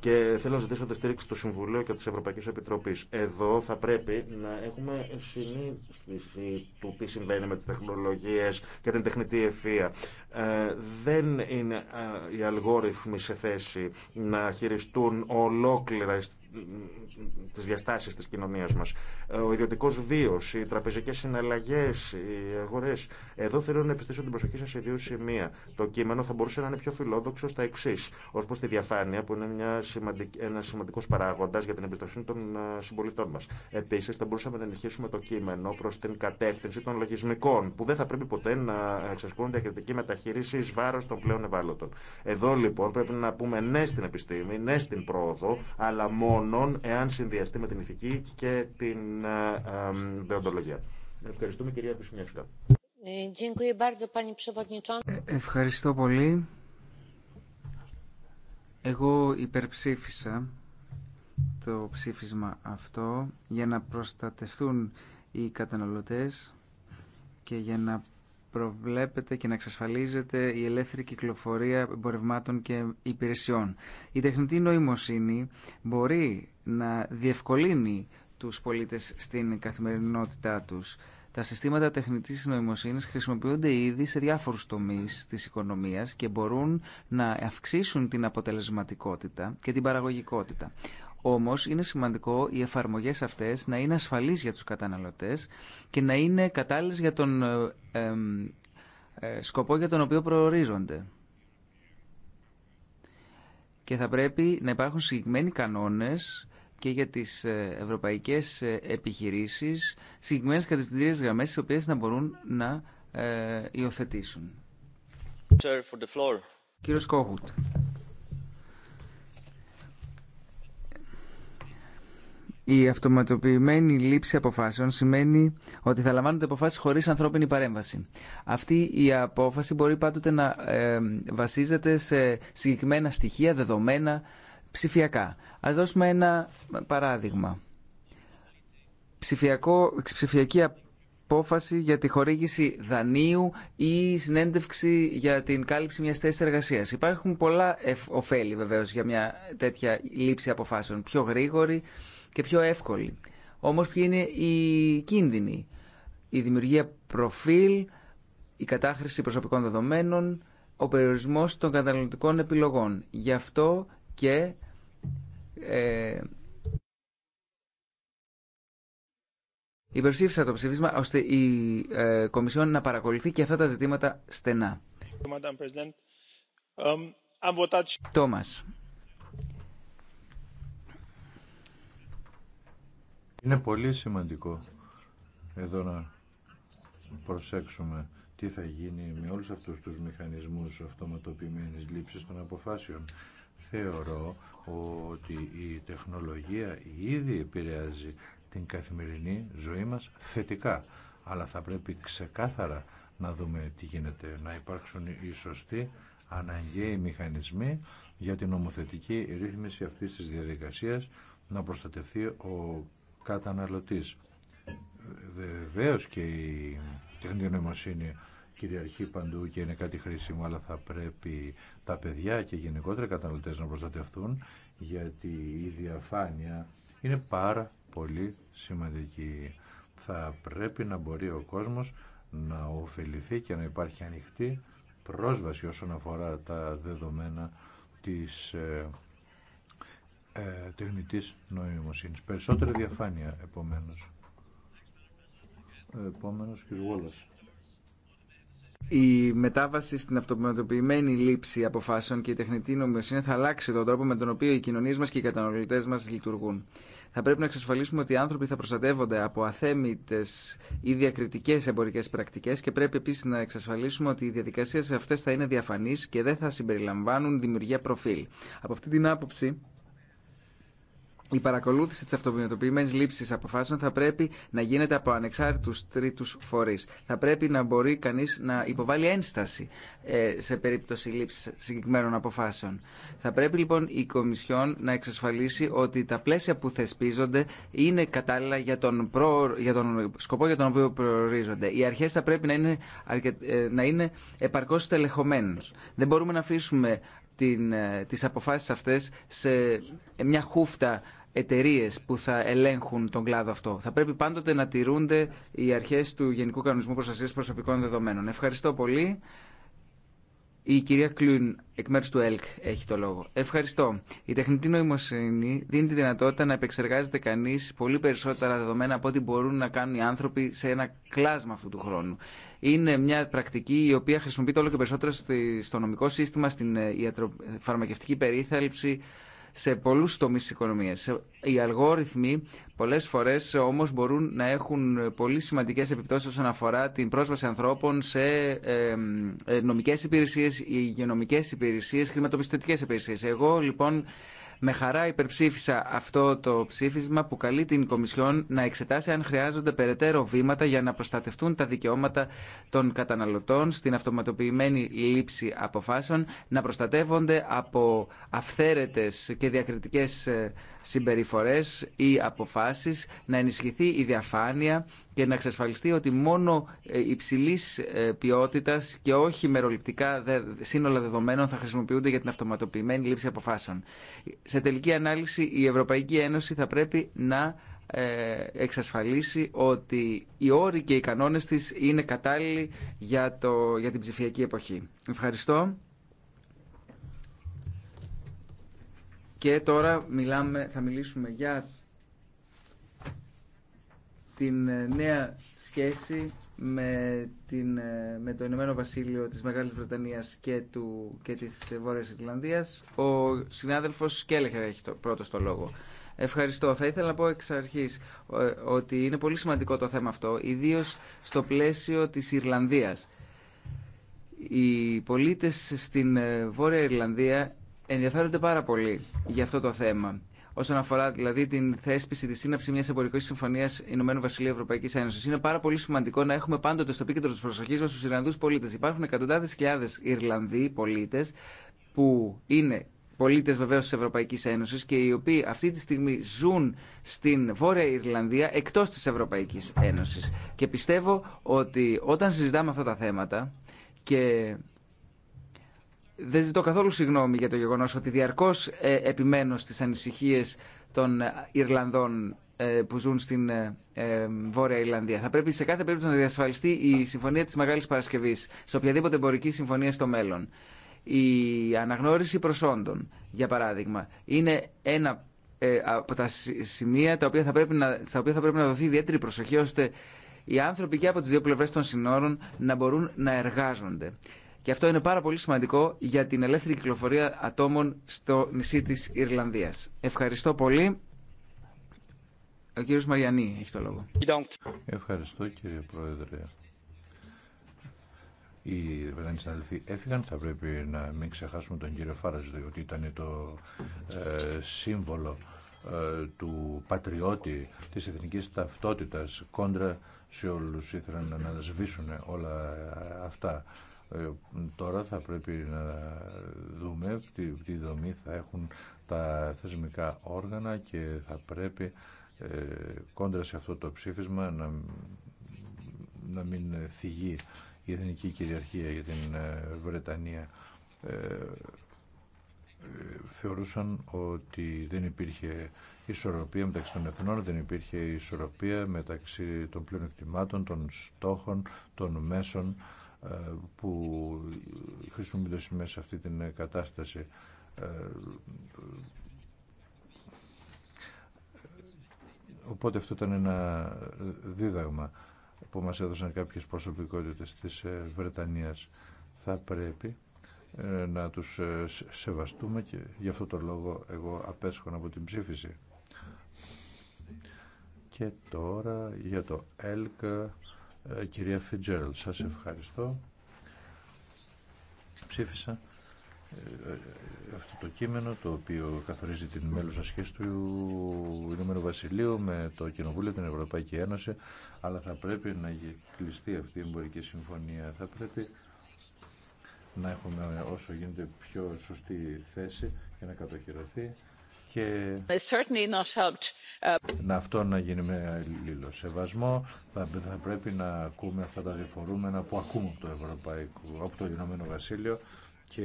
και θέλω να ζητήσω τη στήριξη του Συμβουλίου και τη Ευρωπαϊκή Επιτροπή. Εδώ θα πρέπει να έχουμε συνείδηση του τι συμβαίνει με τι τεχνολογίε και την τεχνητή ευφία. Ε, δεν είναι ε, οι αλγόριθμοι σε θέση να χειριστούν ολόκληρα τις διαστάσεις της κοινωνίας μας. Ε, ο ιδιωτικός βίος, οι τραπεζικές συναλλαγές, οι αγορές. Εδώ θέλω να επιστήσω την προσοχή σας σε δύο σημεία. Το κείμενο θα μπορούσε να είναι πιο φιλόδοξο στα εξή. Ως προς τη διαφάνεια που είναι μια σημαντικ... ένα σημαντικός παράγοντας για την εμπιστοσύνη των ε, συμπολιτών μας. Επίσης θα μπορούσαμε να ενισχύσουμε το κείμενο προς την κατεύθυνση των λογισμικών που δεν θα πρέπει ποτέ να εξασκούν διακριτική μεταχείριση εις βάρος των πλέον ευάλωτων. Εδώ λοιπόν πρέπει να πούμε ναι στην επιστήμη, ναι στην πρόοδο, αλλά μόνο εάν συνδυαστεί με την ηθική και την ε, δεοντολογία. Ευχαριστούμε κυρία Βυσνιεύσκα. Ε, ε, ευχαριστώ πολύ. Εγώ υπερψήφισα το ψήφισμα αυτό για να προστατευτούν οι καταναλωτές και για να προβλέπεται και να εξασφαλίζεται η ελεύθερη κυκλοφορία εμπορευμάτων και υπηρεσιών. Η τεχνητή νοημοσύνη μπορεί να διευκολύνει τους πολίτες στην καθημερινότητά τους. Τα συστήματα τεχνητής νοημοσύνης χρησιμοποιούνται ήδη σε διάφορους τομείς της οικονομίας και μπορούν να αυξήσουν την αποτελεσματικότητα και την παραγωγικότητα. Όμως είναι σημαντικό οι εφαρμογές αυτές να είναι ασφαλείς για τους καταναλωτές και να είναι κατάλληλες για τον ε, ε, σκοπό για τον οποίο προορίζονται. Και θα πρέπει να υπάρχουν συγκεκριμένοι κανόνες και για τις ε, ευρωπαϊκές επιχειρήσεις, συγκεκριμένες κατευθυντήριες γραμμές, τις οποίες να μπορούν να ε, υιοθετήσουν. Sir, Η αυτοματοποιημένη λήψη αποφάσεων σημαίνει ότι θα λαμβάνονται αποφάσεις χωρίς ανθρώπινη παρέμβαση. Αυτή η απόφαση μπορεί πάντοτε να βασίζεται σε συγκεκριμένα στοιχεία, δεδομένα, ψηφιακά. Ας δώσουμε ένα παράδειγμα. Ψηφιακό, ψηφιακή απόφαση για τη χορήγηση δανείου ή συνέντευξη για την κάλυψη μιας θέσης εργασίας. Υπάρχουν πολλά ωφέλη βεβαίως για μια τέτοια λήψη αποφάσεων. Πιο γρήγορη, και πιο εύκολη. Όμως ποιοι είναι οι κίνδυνοι. Η δημιουργία προφίλ, η κατάχρηση προσωπικών δεδομένων, ο περιορισμός των καταναλωτικών επιλογών. Γι' αυτό και... Ε, Υπερψήφισα το ψήφισμα ώστε η ε, Κομισιόν να παρακολουθεί και αυτά τα ζητήματα στενά. Τόμας. Είναι πολύ σημαντικό εδώ να προσέξουμε τι θα γίνει με όλους αυτούς τους μηχανισμούς αυτοματοποιημένης λήψης των αποφάσεων. Θεωρώ ότι η τεχνολογία ήδη επηρεάζει την καθημερινή ζωή μας θετικά, αλλά θα πρέπει ξεκάθαρα να δούμε τι γίνεται, να υπάρξουν οι σωστοί αναγκαίοι μηχανισμοί για την νομοθετική ρύθμιση αυτής της διαδικασίας να προστατευτεί ο καταναλωτής. Βεβαίως και η τεχνητή νοημοσύνη κυριαρχεί παντού και είναι κάτι χρήσιμο, αλλά θα πρέπει τα παιδιά και γενικότερα οι καταναλωτές να προστατευτούν, γιατί η διαφάνεια είναι πάρα πολύ σημαντική. Θα πρέπει να μπορεί ο κόσμος να ωφεληθεί και να υπάρχει ανοιχτή πρόσβαση όσον αφορά τα δεδομένα της ε, ε, τεχνητής νοημοσύνης. Περισσότερη διαφάνεια, επομένως. Επόμενος, κ. Γόλας. Η μετάβαση στην αυτοματοποιημένη λήψη αποφάσεων και η τεχνητή νομιμοσύνη θα αλλάξει τον τρόπο με τον οποίο οι κοινωνίε μα και οι κατανοητέ μα λειτουργούν. Θα πρέπει να εξασφαλίσουμε ότι οι άνθρωποι θα προστατεύονται από αθέμητε ή διακριτικέ εμπορικέ πρακτικέ και πρέπει επίση να εξασφαλίσουμε ότι οι διαδικασίε αυτέ θα είναι διαφανεί και δεν θα συμπεριλαμβάνουν δημιουργία προφίλ. Από αυτή την άποψη, η παρακολούθηση τη αυτοποιημένη λήψη αποφάσεων θα πρέπει να γίνεται από ανεξάρτητου τρίτου φορεί. Θα πρέπει να μπορεί κανεί να υποβάλει ένσταση ε, σε περίπτωση λήψη συγκεκριμένων αποφάσεων. Θα πρέπει λοιπόν η Κομισιόν να εξασφαλίσει ότι τα πλαίσια που θεσπίζονται είναι κατάλληλα για τον, για τον σκοπό για τον οποίο προορίζονται. Οι αρχέ θα πρέπει να είναι, αρκε... Ε, να είναι επαρκώ Δεν μπορούμε να αφήσουμε την, ε, τις αποφάσεις αυτές σε μια χούφτα εταιρείε που θα ελέγχουν τον κλάδο αυτό. Θα πρέπει πάντοτε να τηρούνται οι αρχέ του Γενικού Κανονισμού Προστασία Προσωπικών Δεδομένων. Ευχαριστώ πολύ. Η κυρία Κλούιν εκ μέρου του ΕΛΚ, έχει το λόγο. Ευχαριστώ. Η τεχνητή νοημοσύνη δίνει τη δυνατότητα να επεξεργάζεται κανεί πολύ περισσότερα δεδομένα από ό,τι μπορούν να κάνουν οι άνθρωποι σε ένα κλάσμα αυτού του χρόνου. Είναι μια πρακτική η οποία χρησιμοποιείται όλο και περισσότερο στο νομικό σύστημα, στην ε, ιατροφαρμακευτική περίθαλψη, σε πολλούς τομείς της οικονομίας. Οι αλγόριθμοι πολλές φορές όμως μπορούν να έχουν πολύ σημαντικές επιπτώσεις όσον αφορά την πρόσβαση ανθρώπων σε ε, νομικές υπηρεσίες, υγειονομικές υπηρεσίες, χρηματοπιστωτικές υπηρεσίες. Εγώ λοιπόν με χαρά υπερψήφισα αυτό το ψήφισμα που καλεί την Κομισιόν να εξετάσει αν χρειάζονται περαιτέρω βήματα για να προστατευτούν τα δικαιώματα των καταναλωτών στην αυτοματοποιημένη λήψη αποφάσεων, να προστατεύονται από αυθαίρετες και διακριτικές ε, συμπεριφορές ή αποφάσεις, να ενισχυθεί η διαφάνεια και να εξασφαλιστεί ότι μόνο ε, υψηλή ε, ποιότητας και όχι μεροληπτικά σύνολα δεδομένων θα χρησιμοποιούνται για την αυτοματοποιημένη λήψη αποφάσεων. Σε τελική ανάλυση η Ευρωπαϊκή Ένωση θα πρέπει να ε, εξασφαλίσει ότι οι όροι και οι κανόνες της είναι κατάλληλοι για, το, για την ψηφιακή εποχή. Ευχαριστώ. Και τώρα μιλάμε, θα μιλήσουμε για την ε, νέα σχέση με, την, ε, με το Ηνωμένο Βασίλειο της Μεγάλης Βρετανίας και, του, και της Βόρειας Ιρλανδίας. Ο συνάδελφος Σκέλεχερ έχει το, πρώτο το λόγο. Ευχαριστώ. Θα ήθελα να πω εξ αρχής ε, ότι είναι πολύ σημαντικό το θέμα αυτό, ιδίως στο πλαίσιο της Ιρλανδίας. Οι πολίτες στην Βόρεια Ιρλανδία ενδιαφέρονται πάρα πολύ για αυτό το θέμα. Όσον αφορά δηλαδή την θέσπιση τη σύναψη μια εμπορική συμφωνία Ηνωμένου Βασιλείου Ευρωπαϊκή Ένωση, είναι πάρα πολύ σημαντικό να έχουμε πάντοτε στο επίκεντρο τη προσοχή μα του Ιρλανδού πολίτε. Υπάρχουν εκατοντάδε χιλιάδε Ιρλανδοί πολίτε που είναι πολίτε βεβαίω τη Ευρωπαϊκή Ένωση και οι οποίοι αυτή τη στιγμή ζουν στην Βόρεια Ιρλανδία εκτό τη Ευρωπαϊκή Ένωση. Και πιστεύω ότι όταν συζητάμε αυτά τα θέματα και δεν ζητώ καθόλου συγγνώμη για το γεγονό ότι διαρκώς ε, επιμένω στις ανησυχίε των ε, Ιρλανδών ε, που ζουν στην Βόρεια Ιρλανδία. Θα πρέπει σε κάθε περίπτωση να διασφαλιστεί η Συμφωνία τη μεγάλη παρασκευή, σε οποιαδήποτε εμπορική συμφωνία στο μέλλον. Η αναγνώριση προσόντων, για παράδειγμα, είναι ένα από τα σημεία οποία θα πρέπει να, στα οποία θα πρέπει να δοθεί ιδιαίτερη προσοχή ώστε οι άνθρωποι και από τις δύο πλευρές των συνόρων να μπορούν να εργάζονται. Και αυτό είναι πάρα πολύ σημαντικό για την ελεύθερη κυκλοφορία ατόμων στο νησί της Ιρλανδίας. Ευχαριστώ πολύ. Ο κύριος Μαριανή έχει το λόγο. Ευχαριστώ κύριε Πρόεδρε. Οι Βρετανοί συναδελφοί έφυγαν. Θα πρέπει να μην ξεχάσουμε τον κύριο Φάραζο διότι ήταν το ε, σύμβολο ε, του πατριώτη της εθνικής ταυτότητας κόντρα σε όλους ήθελαν να σβήσουν όλα αυτά ε, τώρα θα πρέπει να δούμε τι, τι δομή θα έχουν τα θεσμικά όργανα και θα πρέπει ε, κόντρα σε αυτό το ψήφισμα να, να μην φυγεί η εθνική κυριαρχία για την ε, Βρετανία. θεωρούσαν ότι δεν υπήρχε ισορροπία μεταξύ των εθνών, δεν υπήρχε ισορροπία μεταξύ των πλειονεκτημάτων, των στόχων, των μέσων ε, που χρησιμοποιούνται μέσα σε αυτή την κατάσταση ε, οπότε αυτό ήταν ένα δίδαγμα που μας έδωσαν κάποιες προσωπικότητες της ε, Βρετανίας θα πρέπει να τους σεβαστούμε και γι' αυτό το λόγο εγώ απέσχων από την ψήφιση. Και τώρα για το ΕΛΚΑ. Ε, κυρία Φιτζέρλ. Σας ευχαριστώ. Ψήφισα ε, ε, αυτό το κείμενο το οποίο καθορίζει την μέλουσα σχέση του Ηνωμένου Βασιλείου με το Κοινοβούλιο, την Ευρωπαϊκή Ένωση αλλά θα πρέπει να κλειστεί αυτή η εμπορική συμφωνία. Θα πρέπει να έχουμε όσο γίνεται πιο σωστή θέση και να κατοχυρωθεί και uh, να αυτό να γίνει με σεβασμό θα, θα πρέπει να ακούμε αυτά τα διαφορούμενα που ακούμε από το Ευρωπαϊκό, από το Ηνωμένο Βασίλειο και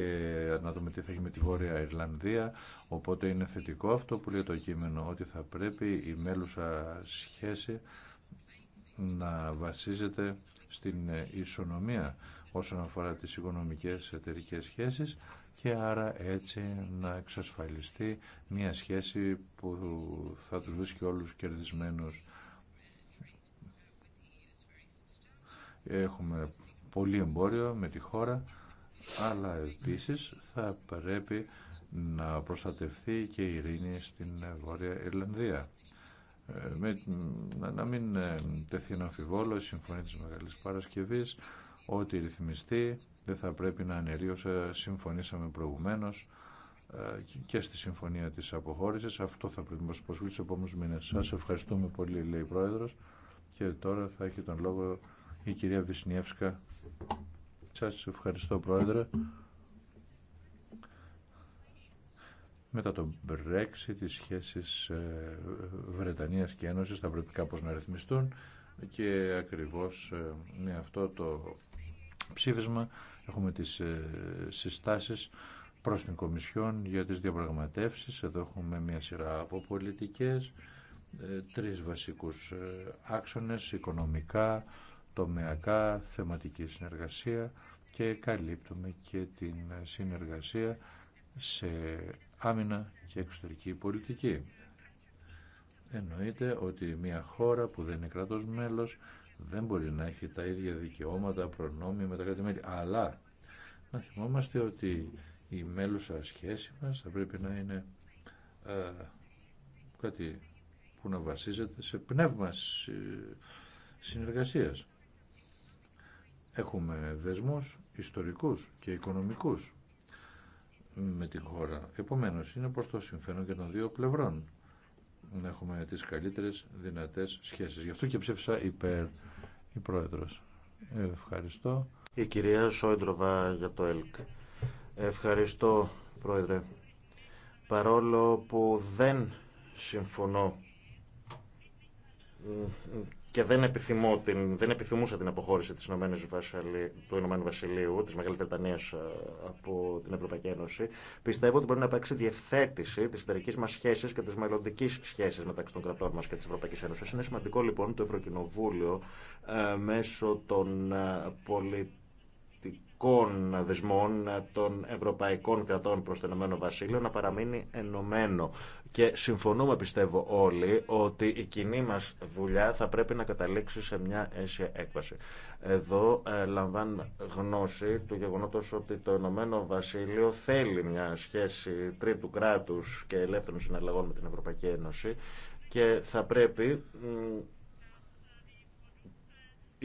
να δούμε τι θα έχει με τη Βόρεια Ιρλανδία. Οπότε είναι θετικό αυτό που λέει το κείμενο, ότι θα πρέπει η μέλουσα σχέση να βασίζεται στην ισονομία όσον αφορά τις οικονομικές εταιρικές σχέσεις και άρα έτσι να εξασφαλιστεί μια σχέση που θα τους βρίσκει όλους κερδισμένους. Έχουμε πολύ εμπόριο με τη χώρα, αλλά επίσης θα πρέπει να προστατευτεί και η ειρήνη στην Βόρεια Ιρλανδία. Ε, με, να μην ε, τεθεί ένα αμφιβόλο η Συμφωνία της Μεγάλης Παρασκευής, ότι ρυθμιστεί δεν θα πρέπει να αναιρεί συμφωνήσαμε προηγουμένως ε, και στη συμφωνία της αποχώρησης. Αυτό θα πρέπει να μας προσβεί στους επόμενους μήνες. Σας ευχαριστούμε πολύ, λέει η Πρόεδρος. Και τώρα θα έχει τον λόγο η κυρία Βυσνιεύσκα. Σας ευχαριστώ, Πρόεδρε. Μετά το Brexit, οι σχέσεις ε, Βρετανίας και Ένωσης θα πρέπει κάπως να ρυθμιστούν και ακριβώς ε, με αυτό το ψήφισμα Έχουμε τις ε, συστάσεις προς την Κομισιόν για τις διαπραγματεύσεις. Εδώ έχουμε μια σειρά από πολιτικές, ε, τρεις βασικούς ε, άξονες, οικονομικά, τομεακά, θεματική συνεργασία και καλύπτουμε και την συνεργασία σε άμυνα και εξωτερική πολιτική. Εννοείται ότι μια χώρα που δεν είναι κράτος μέλος δεν μπορεί να έχει τα ίδια δικαιώματα, προνόμια με τα κράτη-μέλη. Αλλά να θυμόμαστε ότι η μέλουσα σχέση μας θα πρέπει να είναι ε, κάτι που να βασίζεται σε πνεύμα συνεργασίας. Έχουμε δεσμούς ιστορικούς και οικονομικούς με την χώρα. Επομένως, είναι προς το συμφέρον και των δύο πλευρών να έχουμε τις καλύτερε δυνατές σχέσεις. Γι' αυτό και ψήφισα υπέρ η Πρόεδρος. Ευχαριστώ. Η κυρία Σόιντροβα για το ΕΛΚ. Ευχαριστώ, Πρόεδρε. Παρόλο που δεν συμφωνώ και δεν, επιθυμώ την, δεν επιθυμούσα την αποχώρηση της του Ηνωμένου Βασιλείου, της Μεγάλης Βρετανίας ε, από την Ευρωπαϊκή Ένωση, πιστεύω ότι μπορεί να υπάρξει διευθέτηση της εταιρικής μας σχέσης και της μελλοντική σχέσης μεταξύ των κρατών μας και της Ευρωπαϊκής Ένωσης. Είναι σημαντικό λοιπόν το Ευρωκοινοβούλιο ε, μέσω των ε, πολιτών ευρωπαϊκών δεσμών των ευρωπαϊκών κρατών προς το Ηνωμένο Βασίλειο να παραμείνει ενωμένο. Και συμφωνούμε πιστεύω όλοι ότι η κοινή μας δουλειά θα πρέπει να καταλήξει σε μια αίσια έκβαση. Εδώ ε, λαμβάνουμε γνώση του γεγονότος ότι το Ηνωμένο Βασίλειο θέλει μια σχέση τρίτου κράτους και ελεύθερων συναλλαγών με την Ευρωπαϊκή Ένωση και θα πρέπει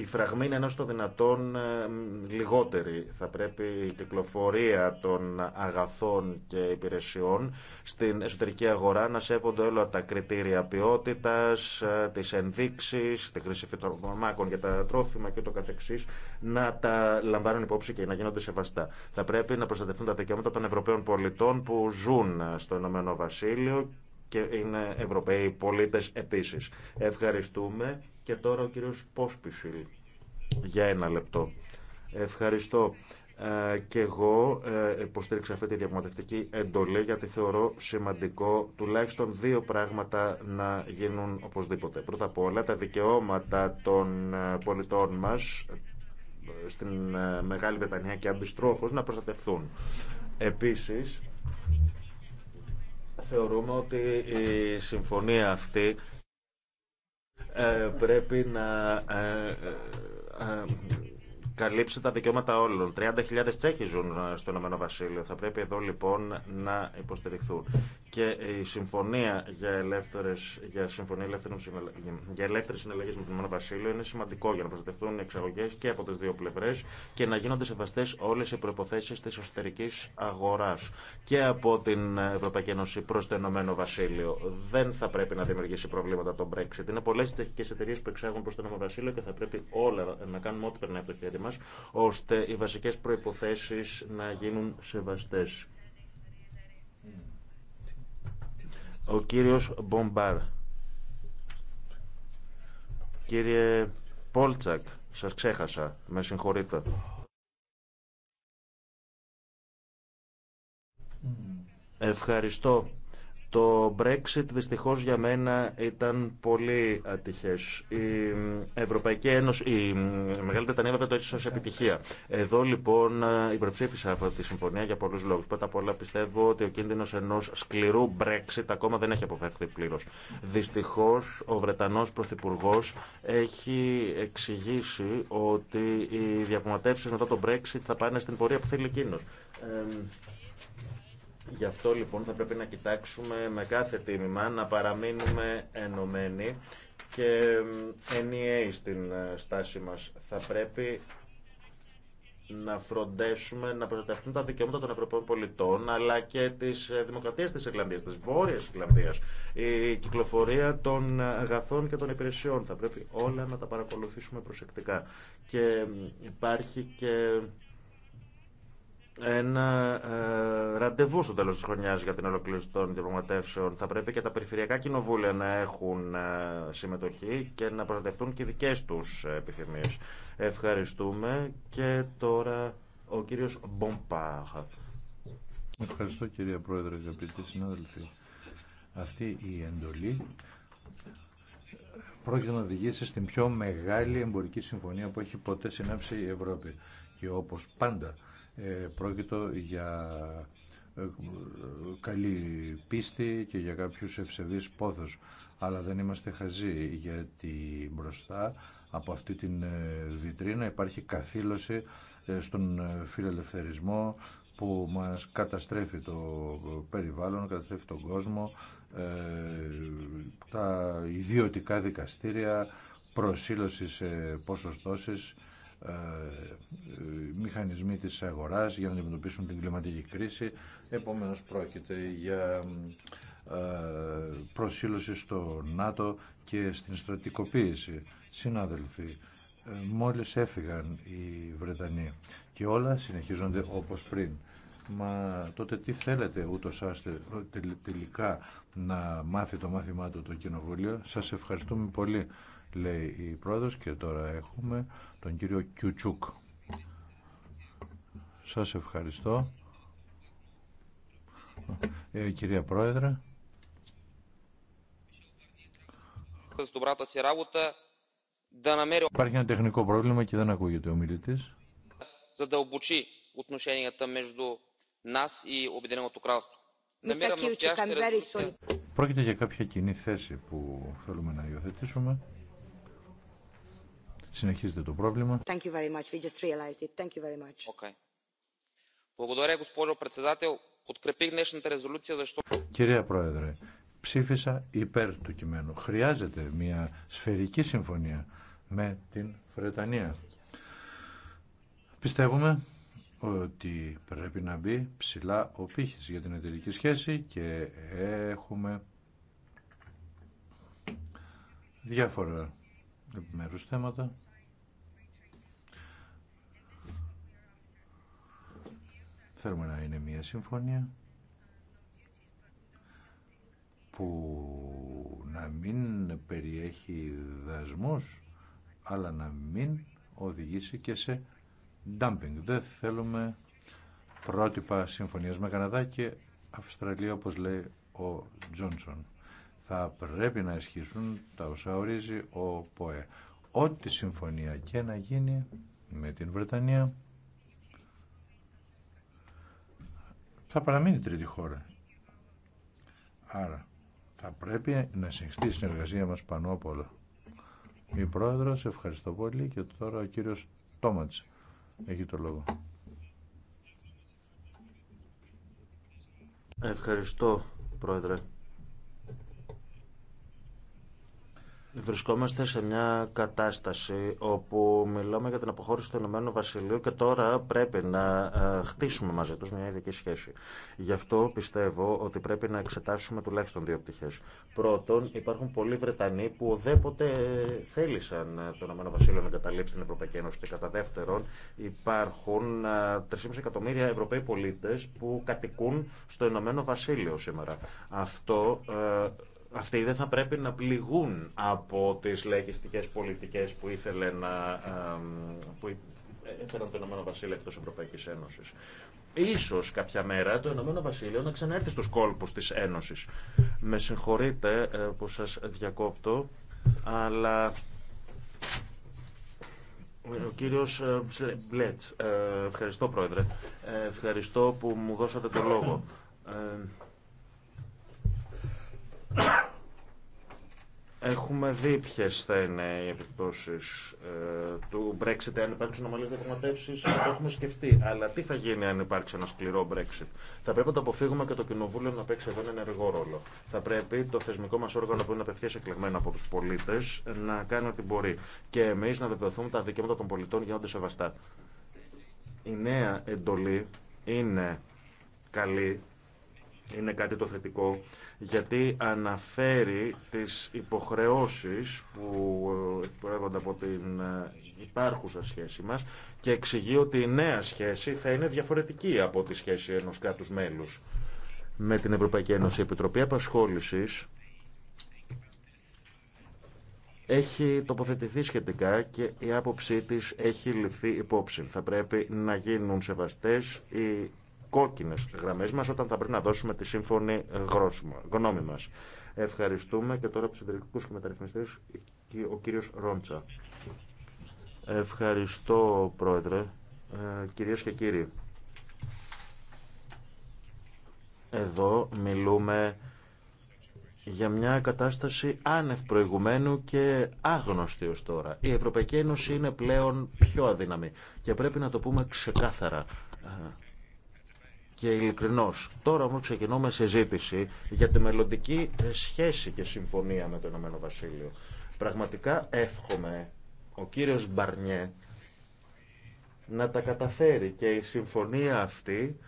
η φραγμή είναι ενός το δυνατόν ε, λιγότερη. Θα πρέπει η κυκλοφορία των αγαθών και υπηρεσιών στην εσωτερική αγορά να σέβονται όλα τα κριτήρια ποιότητας, ε, τις ενδείξεις, τη χρήση φυτορμάκων για τα τρόφιμα και το καθεξής, να τα λαμβάνουν υπόψη και να γίνονται σεβαστά. Θα πρέπει να προστατευτούν τα δικαιώματα των Ευρωπαίων πολιτών που ζουν στο Ηνωμένο Βασίλειο και είναι Ευρωπαίοι πολίτες επίσης. Ευχαριστούμε και τώρα ο κύριος Πόσπιφιλ για ένα λεπτό. Ευχαριστώ ε, και εγώ ε, υποστήριξα αυτή τη διαπραγματευτική εντολή γιατί θεωρώ σημαντικό τουλάχιστον δύο πράγματα να γίνουν οπωσδήποτε. Πρώτα απ' όλα τα δικαιώματα των ε, πολιτών μας στην Μεγάλη Βρετανία και αντιστρόφως να προστατευθούν. Επίσης θεωρούμε ότι η συμφωνία αυτή ε, πρέπει να ε, ε, καλύψει τα δικαιώματα όλων. 30.000 Τσέχοι ζουν ε, στο Ηνωμένο Βασίλειο. Θα πρέπει εδώ λοιπόν να υποστηριχθούν. Και η συμφωνία για, ελεύθερες, για για με το Ηνωμένο Βασίλειο είναι σημαντικό για να προστατευτούν οι εξαγωγέ και από τι δύο πλευρέ και να γίνονται σεβαστέ όλε οι προποθέσει τη εσωτερική αγορά. και από την Ευρωπαϊκή Ένωση προς το Ηνωμένο Βασίλειο. Δεν θα πρέπει να δημιουργήσει προβλήματα το Brexit. Είναι πολλέ τσεχικές εταιρείε που εξάγουν προ το Ηνωμένο Βασίλειο και θα πρέπει όλα να κάνουμε ό,τι περνάει από το χέρι μας, ώστε οι βασικές προϋποθέσεις να γίνουν σεβαστές. Ο κύριος Μπομπάρ. Κύριε Πόλτσακ, σας ξέχασα. Με συγχωρείτε. Ευχαριστώ, το Brexit δυστυχώς για μένα ήταν πολύ ατυχές. Η Ευρωπαϊκή Ένωση, η Μεγάλη Βρετανία βέβαια το έτσι ως επιτυχία. Εδώ λοιπόν υπερψήφισα αυτή τη συμφωνία για πολλούς λόγους. Πρώτα απ' όλα πιστεύω ότι ο κίνδυνος ενός σκληρού Brexit ακόμα δεν έχει αποφευθεί πλήρως. Δυστυχώς ο Βρετανός Πρωθυπουργό έχει εξηγήσει ότι οι διαπραγματεύσεις μετά το Brexit θα πάνε στην πορεία που θέλει εκείνος. Γι' αυτό λοιπόν θα πρέπει να κοιτάξουμε με κάθε τίμημα να παραμείνουμε ενωμένοι και ενιαίοι στην ε, στάση μας. Θα πρέπει να φροντίσουμε να προστατευτούν τα δικαιώματα των Ευρωπαίων πολιτών αλλά και τη ε, δημοκρατία τη Ιρλανδία, τη Βόρεια Ιρλανδία. Η κυκλοφορία των ε, αγαθών και των υπηρεσιών. Θα πρέπει όλα να τα παρακολουθήσουμε προσεκτικά. Και υπάρχει και ένα ε, ραντεβού στο τέλο τη χρονιά για την ολοκλήρωση των διαπραγματεύσεων. Θα πρέπει και τα περιφερειακά κοινοβούλια να έχουν ε, συμμετοχή και να προστατευτούν και οι δικές τους επιθυμίες. Ευχαριστούμε και τώρα ο κύριος Μπομπάχα. Ευχαριστώ κύριε Πρόεδρε, αγαπητοί συνάδελφοι. Αυτή η εντολή πρόκειται να οδηγήσει στην πιο μεγάλη εμπορική συμφωνία που έχει ποτέ συνάψει η Ευρώπη. Και όπως πάντα ε, πρόκειτο για ε, καλή πίστη και για κάποιους ευσεβείς πόθους. Αλλά δεν είμαστε χαζοί γιατί μπροστά από αυτή την ε, βιτρίνα υπάρχει καθήλωση στον φιλελευθερισμό που μας καταστρέφει το περιβάλλον, καταστρέφει τον κόσμο, τα ιδιωτικά δικαστήρια, προσήλωση σε ποσοστώσεις ε, μηχανισμοί της αγοράς για να αντιμετωπίσουν την κλιματική κρίση. Επομένως πρόκειται για ε, προσήλωση στο ΝΑΤΟ και στην στρατικοποίηση. Συνάδελφοι, ε, μόλις έφυγαν οι Βρετανοί και όλα συνεχίζονται όπως πριν. Μα τότε τι θέλετε ούτω άστε τελικά να μάθει το μάθημά του το κοινοβούλιο. Σας ευχαριστούμε πολύ λέει η πρόεδρος και τώρα έχουμε τον κύριο Κιουτσούκ. Σας ευχαριστώ. Ε, κυρία Πρόεδρε. Υπάρχει ένα τεχνικό πρόβλημα και δεν ακούγεται ο μιλητής. Πρόκειται για κάποια κοινή θέση που θέλουμε να υιοθετήσουμε συνεχίζεται το πρόβλημα. Thank you very much. We just realized it. Thank you very much. Okay. Κυρία Πρόεδρε, ψήφισα υπέρ του κειμένου. Χρειάζεται μια σφαιρική συμφωνία με την Βρετανία. Πιστεύουμε ότι πρέπει να μπει ψηλά ο πύχης για την εταιρική σχέση και έχουμε διάφορα επιμέρους θέματα. Θέλουμε να είναι μια συμφωνία που να μην περιέχει δασμούς αλλά να μην οδηγήσει και σε dumping. Δεν θέλουμε πρότυπα συμφωνίας με Καναδά και Αυστραλία όπως λέει ο Τζόνσον. Θα πρέπει να ισχύσουν τα όσα ορίζει ο ΠΟΕ. Ό,τι συμφωνία και να γίνει με την Βρετανία θα παραμείνει τρίτη χώρα. Άρα θα πρέπει να συνεχιστεί η συνεργασία μας πάνω από όλα. Η Πρόεδρος, ευχαριστώ πολύ και τώρα ο κύριος Τόματς έχει το λόγο. Ευχαριστώ, Πρόεδρε. Βρισκόμαστε σε μια κατάσταση όπου μιλάμε για την αποχώρηση του Ηνωμένου Βασιλείου και τώρα πρέπει να ε, χτίσουμε μαζί τους μια ειδική σχέση. Γι' αυτό πιστεύω ότι πρέπει να εξετάσουμε τουλάχιστον δύο πτυχές. Πρώτον, υπάρχουν πολλοί Βρετανοί που οδέποτε θέλησαν ε, το Ηνωμένο Βασίλειο να καταλήψει την Ευρωπαϊκή Ένωση. Και κατά δεύτερον, υπάρχουν 3,5 ε, εκατομμύρια Ευρωπαίοι πολίτες που κατοικούν στο Ηνωμένο Βασίλειο σήμερα. Αυτό αυτοί δεν θα πρέπει να πληγούν από τις λαϊκιστικές πολιτικές που ήθελε να, που έφεραν το Ηνωμένο Βασίλειο εκτός Ευρωπαϊκής Ένωσης. Ίσως κάποια μέρα το Ηνωμένο Βασίλειο να ξανάρθει στους κόλπους της Ένωσης. Με συγχωρείτε ε, που σας διακόπτω, αλλά ο κύριος ε, Μπλέτς, ε, ευχαριστώ πρόεδρε, ευχαριστώ που μου δώσατε το λόγο. Έχουμε δει ποιε θα είναι οι επιπτώσει ε, του Brexit αν υπάρξουν ομαλέ διαπραγματεύσει. Το έχουμε σκεφτεί. Αλλά τι θα γίνει αν υπάρξει ένα σκληρό Brexit. Θα πρέπει να το αποφύγουμε και το Κοινοβούλιο να παίξει εδώ ένα ενεργό ρόλο. Θα πρέπει το θεσμικό μα όργανο που είναι απευθεία εκλεγμένο από του πολίτε να κάνει ό,τι μπορεί. Και εμεί να βεβαιωθούμε τα δικαιώματα των πολιτών γίνονται σεβαστά. Η νέα εντολή είναι καλή. Είναι κάτι το θετικό γιατί αναφέρει τις υποχρεώσεις που προέρχονται από την ε, υπάρχουσα σχέση μας και εξηγεί ότι η νέα σχέση θα είναι διαφορετική από τη σχέση ενός κράτους μέλους με την Ευρωπαϊκή Ένωση. Η Επιτροπή Απασχόλησης έχει τοποθετηθεί σχετικά και η άποψή της έχει ληφθεί υπόψη. Θα πρέπει να γίνουν σεβαστές οι κόκκινε γραμμέ μα όταν θα πρέπει να δώσουμε τη σύμφωνη γνώμη μα. Ευχαριστούμε και τώρα από του συντηρητικού και μεταρρυθμιστέ, ο κύριο Ρόντσα. Ευχαριστώ, Πρόεδρε. Ε, κυρίες και κύριοι, εδώ μιλούμε για μια κατάσταση άνευ προηγουμένου και άγνωστη ως τώρα. Η Ευρωπαϊκή Ένωση είναι πλέον πιο αδύναμη και πρέπει να το πούμε ξεκάθαρα. Ε, και ειλικρινώς. Τώρα όμως ξεκινούμε συζήτηση για τη μελλοντική ε, σχέση και συμφωνία με το Ηνωμένο Βασίλειο. Πραγματικά εύχομαι ο κύριος Μπαρνιέ να τα καταφέρει και η συμφωνία αυτή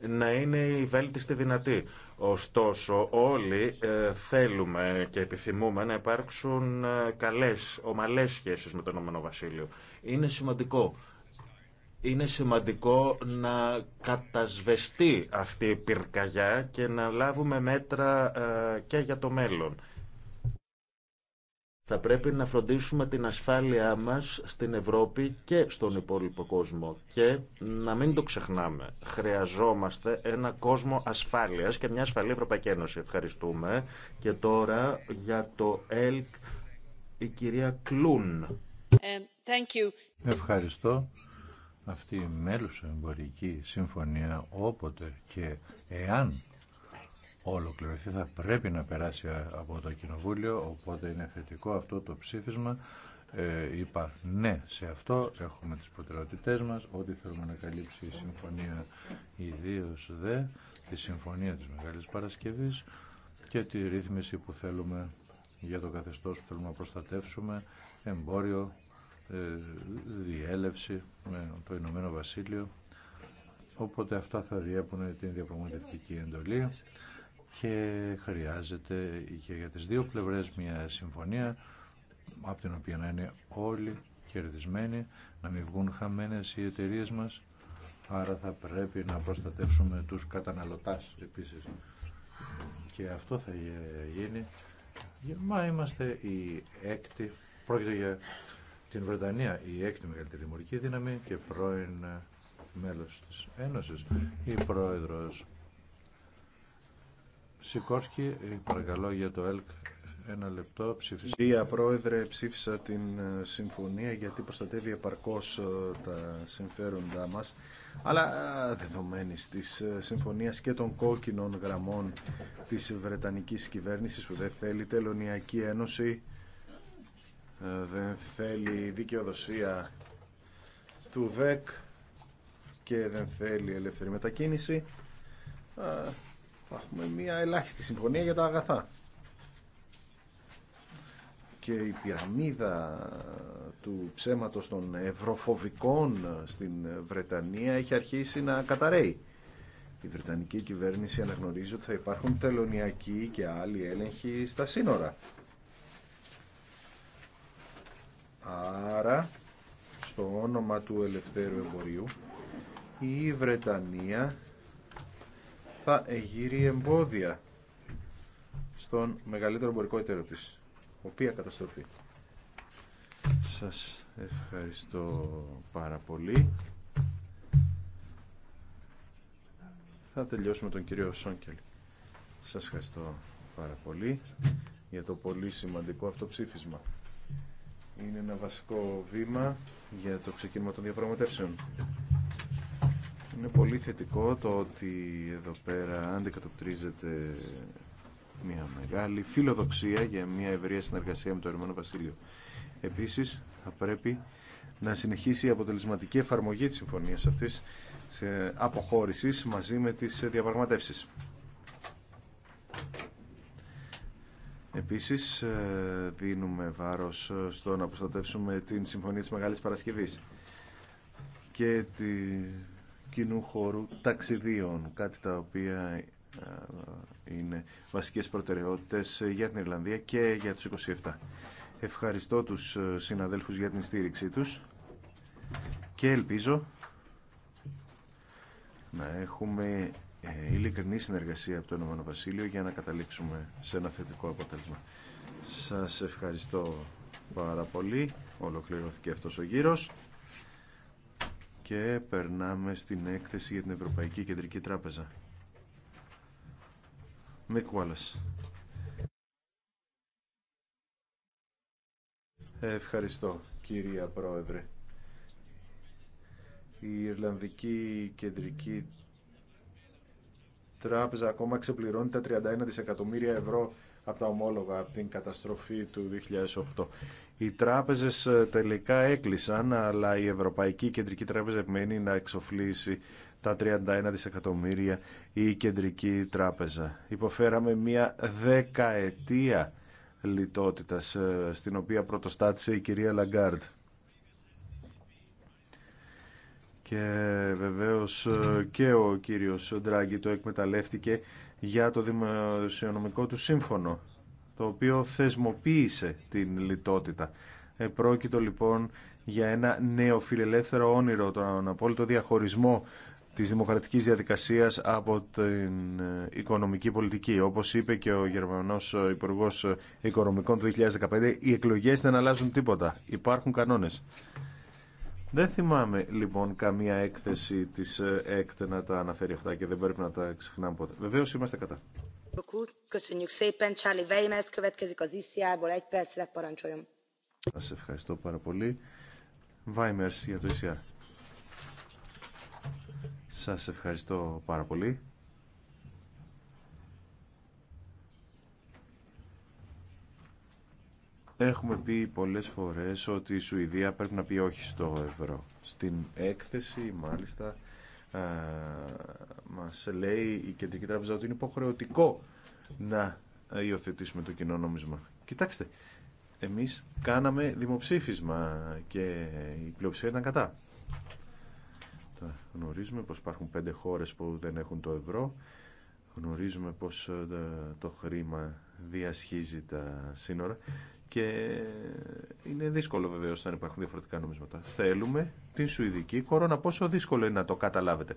να είναι η βέλτιστη δυνατή. Ωστόσο, όλοι ε, θέλουμε και επιθυμούμε να υπάρξουν ε, καλές, ομαλές σχέσεις με το Ηνωμένο Βασίλειο. Είναι σημαντικό είναι σημαντικό να κατασβεστεί αυτή η πυρκαγιά και να λάβουμε μέτρα ε, και για το μέλλον. Θα πρέπει να φροντίσουμε την ασφάλειά μας στην Ευρώπη και στον υπόλοιπο κόσμο και να μην το ξεχνάμε. Χρειαζόμαστε ένα κόσμο ασφάλειας και μια ασφαλή Ευρωπαϊκή Ένωση. Ευχαριστούμε. Και τώρα για το ΕΛΚ η κυρία Κλούν. Ε, Ευχαριστώ αυτή η μέλουσα εμπορική συμφωνία όποτε και εάν ολοκληρωθεί θα πρέπει να περάσει από το Κοινοβούλιο οπότε είναι θετικό αυτό το ψήφισμα ε, είπα ναι σε αυτό έχουμε τις προτεραιότητές μας ό,τι θέλουμε να καλύψει η συμφωνία ιδίω δε τη συμφωνία της Μεγάλης Παρασκευής και τη ρύθμιση που θέλουμε για το καθεστώς που θέλουμε να προστατεύσουμε εμπόριο ε, διέλευση με το Ηνωμένο Βασίλειο οπότε αυτά θα διέπουν την διαπραγματευτική εντολή και χρειάζεται και για τις δύο πλευρές μια συμφωνία από την οποία να είναι όλοι κερδισμένοι, να μην βγουν χαμένες οι εταιρείε μας άρα θα πρέπει να προστατεύσουμε τους καταναλωτάς επίσης και αυτό θα γίνει μα είμαστε η έκτη πρόκειται για στην Βρετανία η έκτη μεγαλύτερη δημορική δύναμη και πρώην ε, μέλος της Ένωσης ή πρόεδρος Σικόρσκι, ε, παρακαλώ για το ΕΛΚ ένα λεπτό ψήφισε. Η Πρόεδρε, ψήφισα την ε, συμφωνία γιατί προστατεύει επαρκώς τα συμφέροντά μας αλλά δεδομένης της συμφωνίας και των κόκκινων γραμμών της Βρετανικής κυβέρνησης που δεν θέλει τελωνιακή ένωση ε, δεν θέλει δικαιοδοσία του ΔΕΚ και δεν θέλει ελεύθερη μετακίνηση ε, έχουμε μια ελάχιστη συμφωνία για τα αγαθά και η πυραμίδα του ψέματος των ευρωφοβικών στην Βρετανία έχει αρχίσει να καταραίει. Η Βρετανική κυβέρνηση αναγνωρίζει ότι θα υπάρχουν τελωνιακοί και άλλοι έλεγχοι στα σύνορα. Άρα, στο όνομα του ελευθέρου εμπορίου, η Βρετανία θα εγείρει εμπόδια στον μεγαλύτερο εμπορικό εταίρο της. Οποία καταστροφή. Σας ευχαριστώ πάρα πολύ. Θα τελειώσουμε τον κύριο Σόνκελ. Σας ευχαριστώ πάρα πολύ για το πολύ σημαντικό αυτό ψήφισμα είναι ένα βασικό βήμα για το ξεκίνημα των διαπραγματεύσεων. Είναι πολύ θετικό το ότι εδώ πέρα αντικατοπτρίζεται μια μεγάλη φιλοδοξία για μια ευρεία συνεργασία με το Ερμένο Βασίλειο. Επίσης, θα πρέπει να συνεχίσει η αποτελεσματική εφαρμογή της συμφωνίας αυτής σε αποχώρησης μαζί με τις διαπραγματεύσεις. Επίσης ε, δίνουμε βάρος ε, στο να προστατεύσουμε την Συμφωνία της Μεγάλης Παρασκευής και τη κοινού χώρου ταξιδίων, κάτι τα οποία ε, είναι βασικές προτεραιότητες για την Ιρλανδία και για τους 27. Ευχαριστώ τους συναδέλφους για την στήριξή τους και ελπίζω να έχουμε ε, ειλικρινή συνεργασία από το Ηνωμένο Βασίλειο για να καταλήξουμε σε ένα θετικό αποτέλεσμα. Σας ευχαριστώ πάρα πολύ. Ολοκληρώθηκε αυτός ο γύρος. Και περνάμε στην έκθεση για την Ευρωπαϊκή Κεντρική Τράπεζα. Μικ Ευχαριστώ κυρία Πρόεδρε. Η Ιρλανδική Κεντρική τράπεζα ακόμα ξεπληρώνει τα 31 δισεκατομμύρια ευρώ από τα ομόλογα από την καταστροφή του 2008. Οι τράπεζες ε, τελικά έκλεισαν, αλλά η Ευρωπαϊκή Κεντρική Τράπεζα επιμένει να εξοφλήσει τα 31 δισεκατομμύρια η Κεντρική Τράπεζα. Υποφέραμε μία δεκαετία λιτότητας, ε, στην οποία πρωτοστάτησε η κυρία Λαγκάρντ. και βεβαίως ε, και ο κύριος Ντράγκη το εκμεταλλεύτηκε για το δημοσιονομικό του σύμφωνο το οποίο θεσμοποίησε την λιτότητα. Πρόκειτο λοιπόν για ένα νέο όνειρο, τον απόλυτο διαχωρισμό της δημοκρατικής διαδικασίας από την ε, οικονομική πολιτική. Όπως είπε και ο Γερμανός ε, Υπουργός Οικονομικών του 2015, οι εκλογές δεν αλλάζουν τίποτα. Υπάρχουν κανόνες. Δεν θυμάμαι λοιπόν καμία έκθεση τη ε, ΕΚΤ να τα αναφέρει αυτά και δεν πρέπει να τα ξεχνάμε ποτέ. Βεβαίως είμαστε κατά. Σα ευχαριστώ πάρα πολύ. Βάιμερς για το ΙΣΙΑ. Σας ευχαριστώ πάρα πολύ. Έχουμε πει πολλές φορές ότι η Σουηδία πρέπει να πει όχι στο ευρώ. Στην έκθεση μάλιστα α, μας λέει η Κεντρική Τράπεζα ότι είναι υποχρεωτικό να υιοθετήσουμε το κοινό νόμισμα. Κοιτάξτε, εμείς κάναμε δημοψήφισμα και η πλειοψηφία ήταν κατά. Τώρα, γνωρίζουμε πως υπάρχουν πέντε χώρες που δεν έχουν το ευρώ. Γνωρίζουμε πως ε, το χρήμα διασχίζει τα σύνορα και είναι δύσκολο βεβαίω όταν υπάρχουν διαφορετικά νομίσματα. Θέλουμε την Σουηδική κορώνα. Πόσο δύσκολο είναι να το καταλάβετε.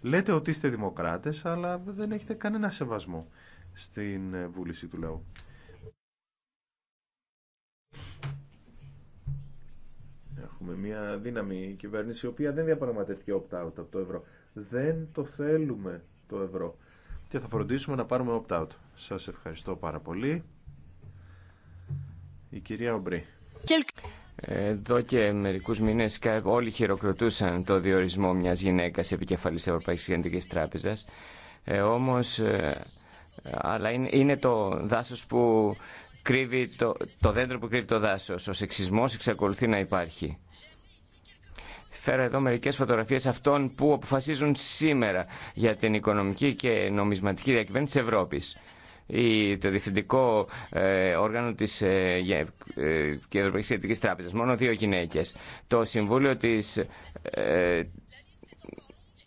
Λέτε ότι είστε δημοκράτε, αλλά δεν έχετε κανένα σεβασμό στην βούληση του λαού. Έχουμε μια δύναμη κυβέρνηση η οποία δεν διαπραγματεύτηκε opt-out από το ευρώ. Δεν το θέλουμε το ευρώ. Και θα φροντίσουμε να πάρουμε opt-out. Σας ευχαριστώ πάρα πολύ. Η κυρία Ομπρή. Εδώ και μερικού μήνε όλοι χειροκροτούσαν το διορισμό μια γυναίκα επικεφαλή Ευρωπαϊκή Κεντρική Τράπεζα. Ε, Όμω, ε, αλλά είναι, το δάσο που κρύβει το, το δέντρο που κρύβει το δάσο. Ο σεξισμό εξακολουθεί να υπάρχει. Φέρα εδώ μερικέ φωτογραφίε αυτών που αποφασίζουν σήμερα για την οικονομική και νομισματική διακυβέρνηση τη Ευρώπη το διευθυντικό ε, όργανο της ε, ε, Ευρωπαϊκής Κεντρικής Τράπεζας. Μόνο δύο γυναίκες. Το Συμβούλιο της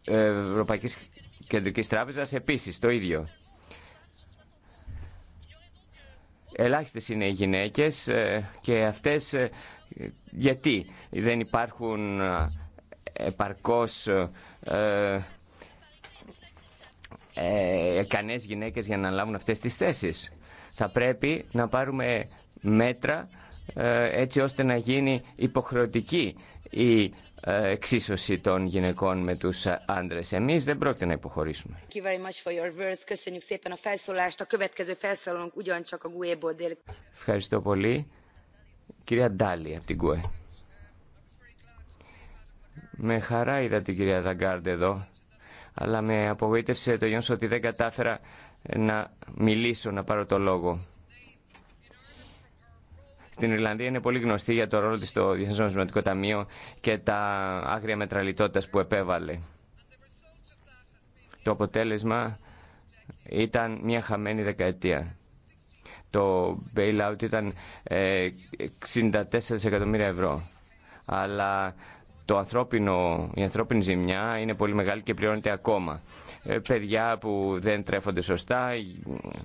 Ευρωπαϊκής Κεντρικής Τράπεζας επίσης το ίδιο. Ελάχιστες είναι οι γυναίκες και αυτές γιατί δεν υπάρχουν επαρκώς ε, ικανές γυναίκες για να λάβουν αυτές τις θέσεις. Θα πρέπει να πάρουμε μέτρα ε, έτσι ώστε να γίνει υποχρεωτική η ε, εξίσωση των γυναικών με τους ε, άντρες. Εμείς δεν πρόκειται να υποχωρήσουμε. Ευχαριστώ πολύ. Κυρία Ντάλη από την ΚΟΕ. Με χαρά είδα την κυρία Δαγκάρντ εδώ αλλά με απογοήτευσε το γεγονό ότι δεν κατάφερα να μιλήσω, να πάρω το λόγο. Στην Ιρλανδία είναι πολύ γνωστή για το ρόλο της στο Διεθνές Νομισματικό Ταμείο και τα άγρια μετραλιτότητας που επέβαλε. Το αποτέλεσμα ήταν μια χαμένη δεκαετία. Το bailout ήταν ε, 64 εκατομμύρια ευρώ. Αλλά το ανθρώπινο, η ανθρώπινη ζημιά είναι πολύ μεγάλη και πληρώνεται ακόμα. Ε, παιδιά που δεν τρέφονται σωστά, ε,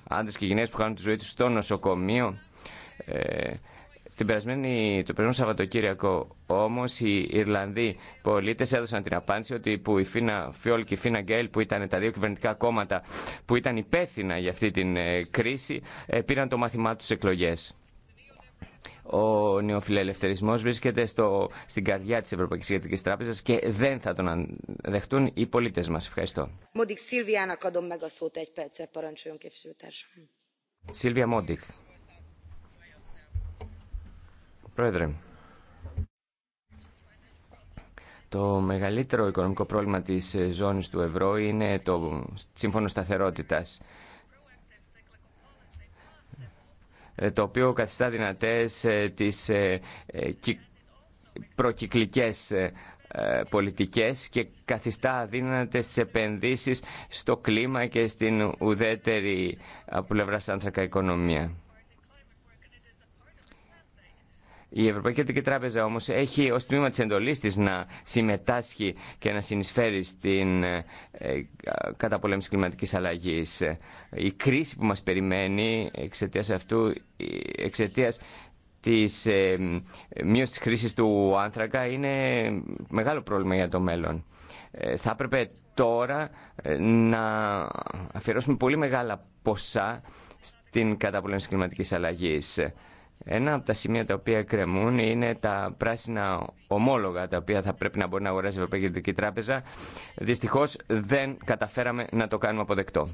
άντρες και γυναίκες που χάνουν τη ζωή τους στο νοσοκομείο. Ε, την περασμένη, το περασμένο Σαββατοκύριακο όμως οι Ιρλανδοί πολίτες έδωσαν την απάντηση ότι που η Φίνα Φιόλ και η Φίνα Γκέλ που ήταν τα δύο κυβερνητικά κόμματα που ήταν υπεύθυνα για αυτή την κρίση πήραν το μάθημά τους εκλογές. Ο νεοφιλελευθερισμός βρίσκεται στο, στην καρδιά τη Ευρωπαϊκή Κεντρική Τράπεζα και δεν θα τον δεχτούν οι πολίτε μα. Ευχαριστώ. Σίλβια Μόντικ. Πρόεδρε, το μεγαλύτερο οικονομικό πρόβλημα της ζώνης του ευρώ είναι το σύμφωνο σταθερότητας. Ε, το οποίο καθιστά δυνατές ε, τις ε, προκυκλικές πολιτικές και καθιστά αδύνατες τις επενδύσεις στο κλίμα και στην ουδέτερη πλευρά άνθρακα οικονομία. Η Ευρωπαϊκή Κεντρική Τράπεζα όμως έχει ως τμήμα της εντολής της να συμμετάσχει και να συνεισφέρει στην ε, ε, καταπολέμηση κλιματικής αλλαγής. Η κρίση που μας περιμένει εξαιτίας αυτού, εξαιτίας της ε, μείωσης της του άνθρακα είναι μεγάλο πρόβλημα για το μέλλον. θα έπρεπε τώρα να αφιερώσουμε πολύ μεγάλα ποσά στην καταπολέμηση κλιματικής αλλαγής. Ένα από τα σημεία τα οποία κρεμούν είναι τα πράσινα ομόλογα τα οποία θα πρέπει να μπορεί να αγοράσει η Ευρωπαϊκή Τράπεζα. Δυστυχώ δεν καταφέραμε να το κάνουμε αποδεκτό.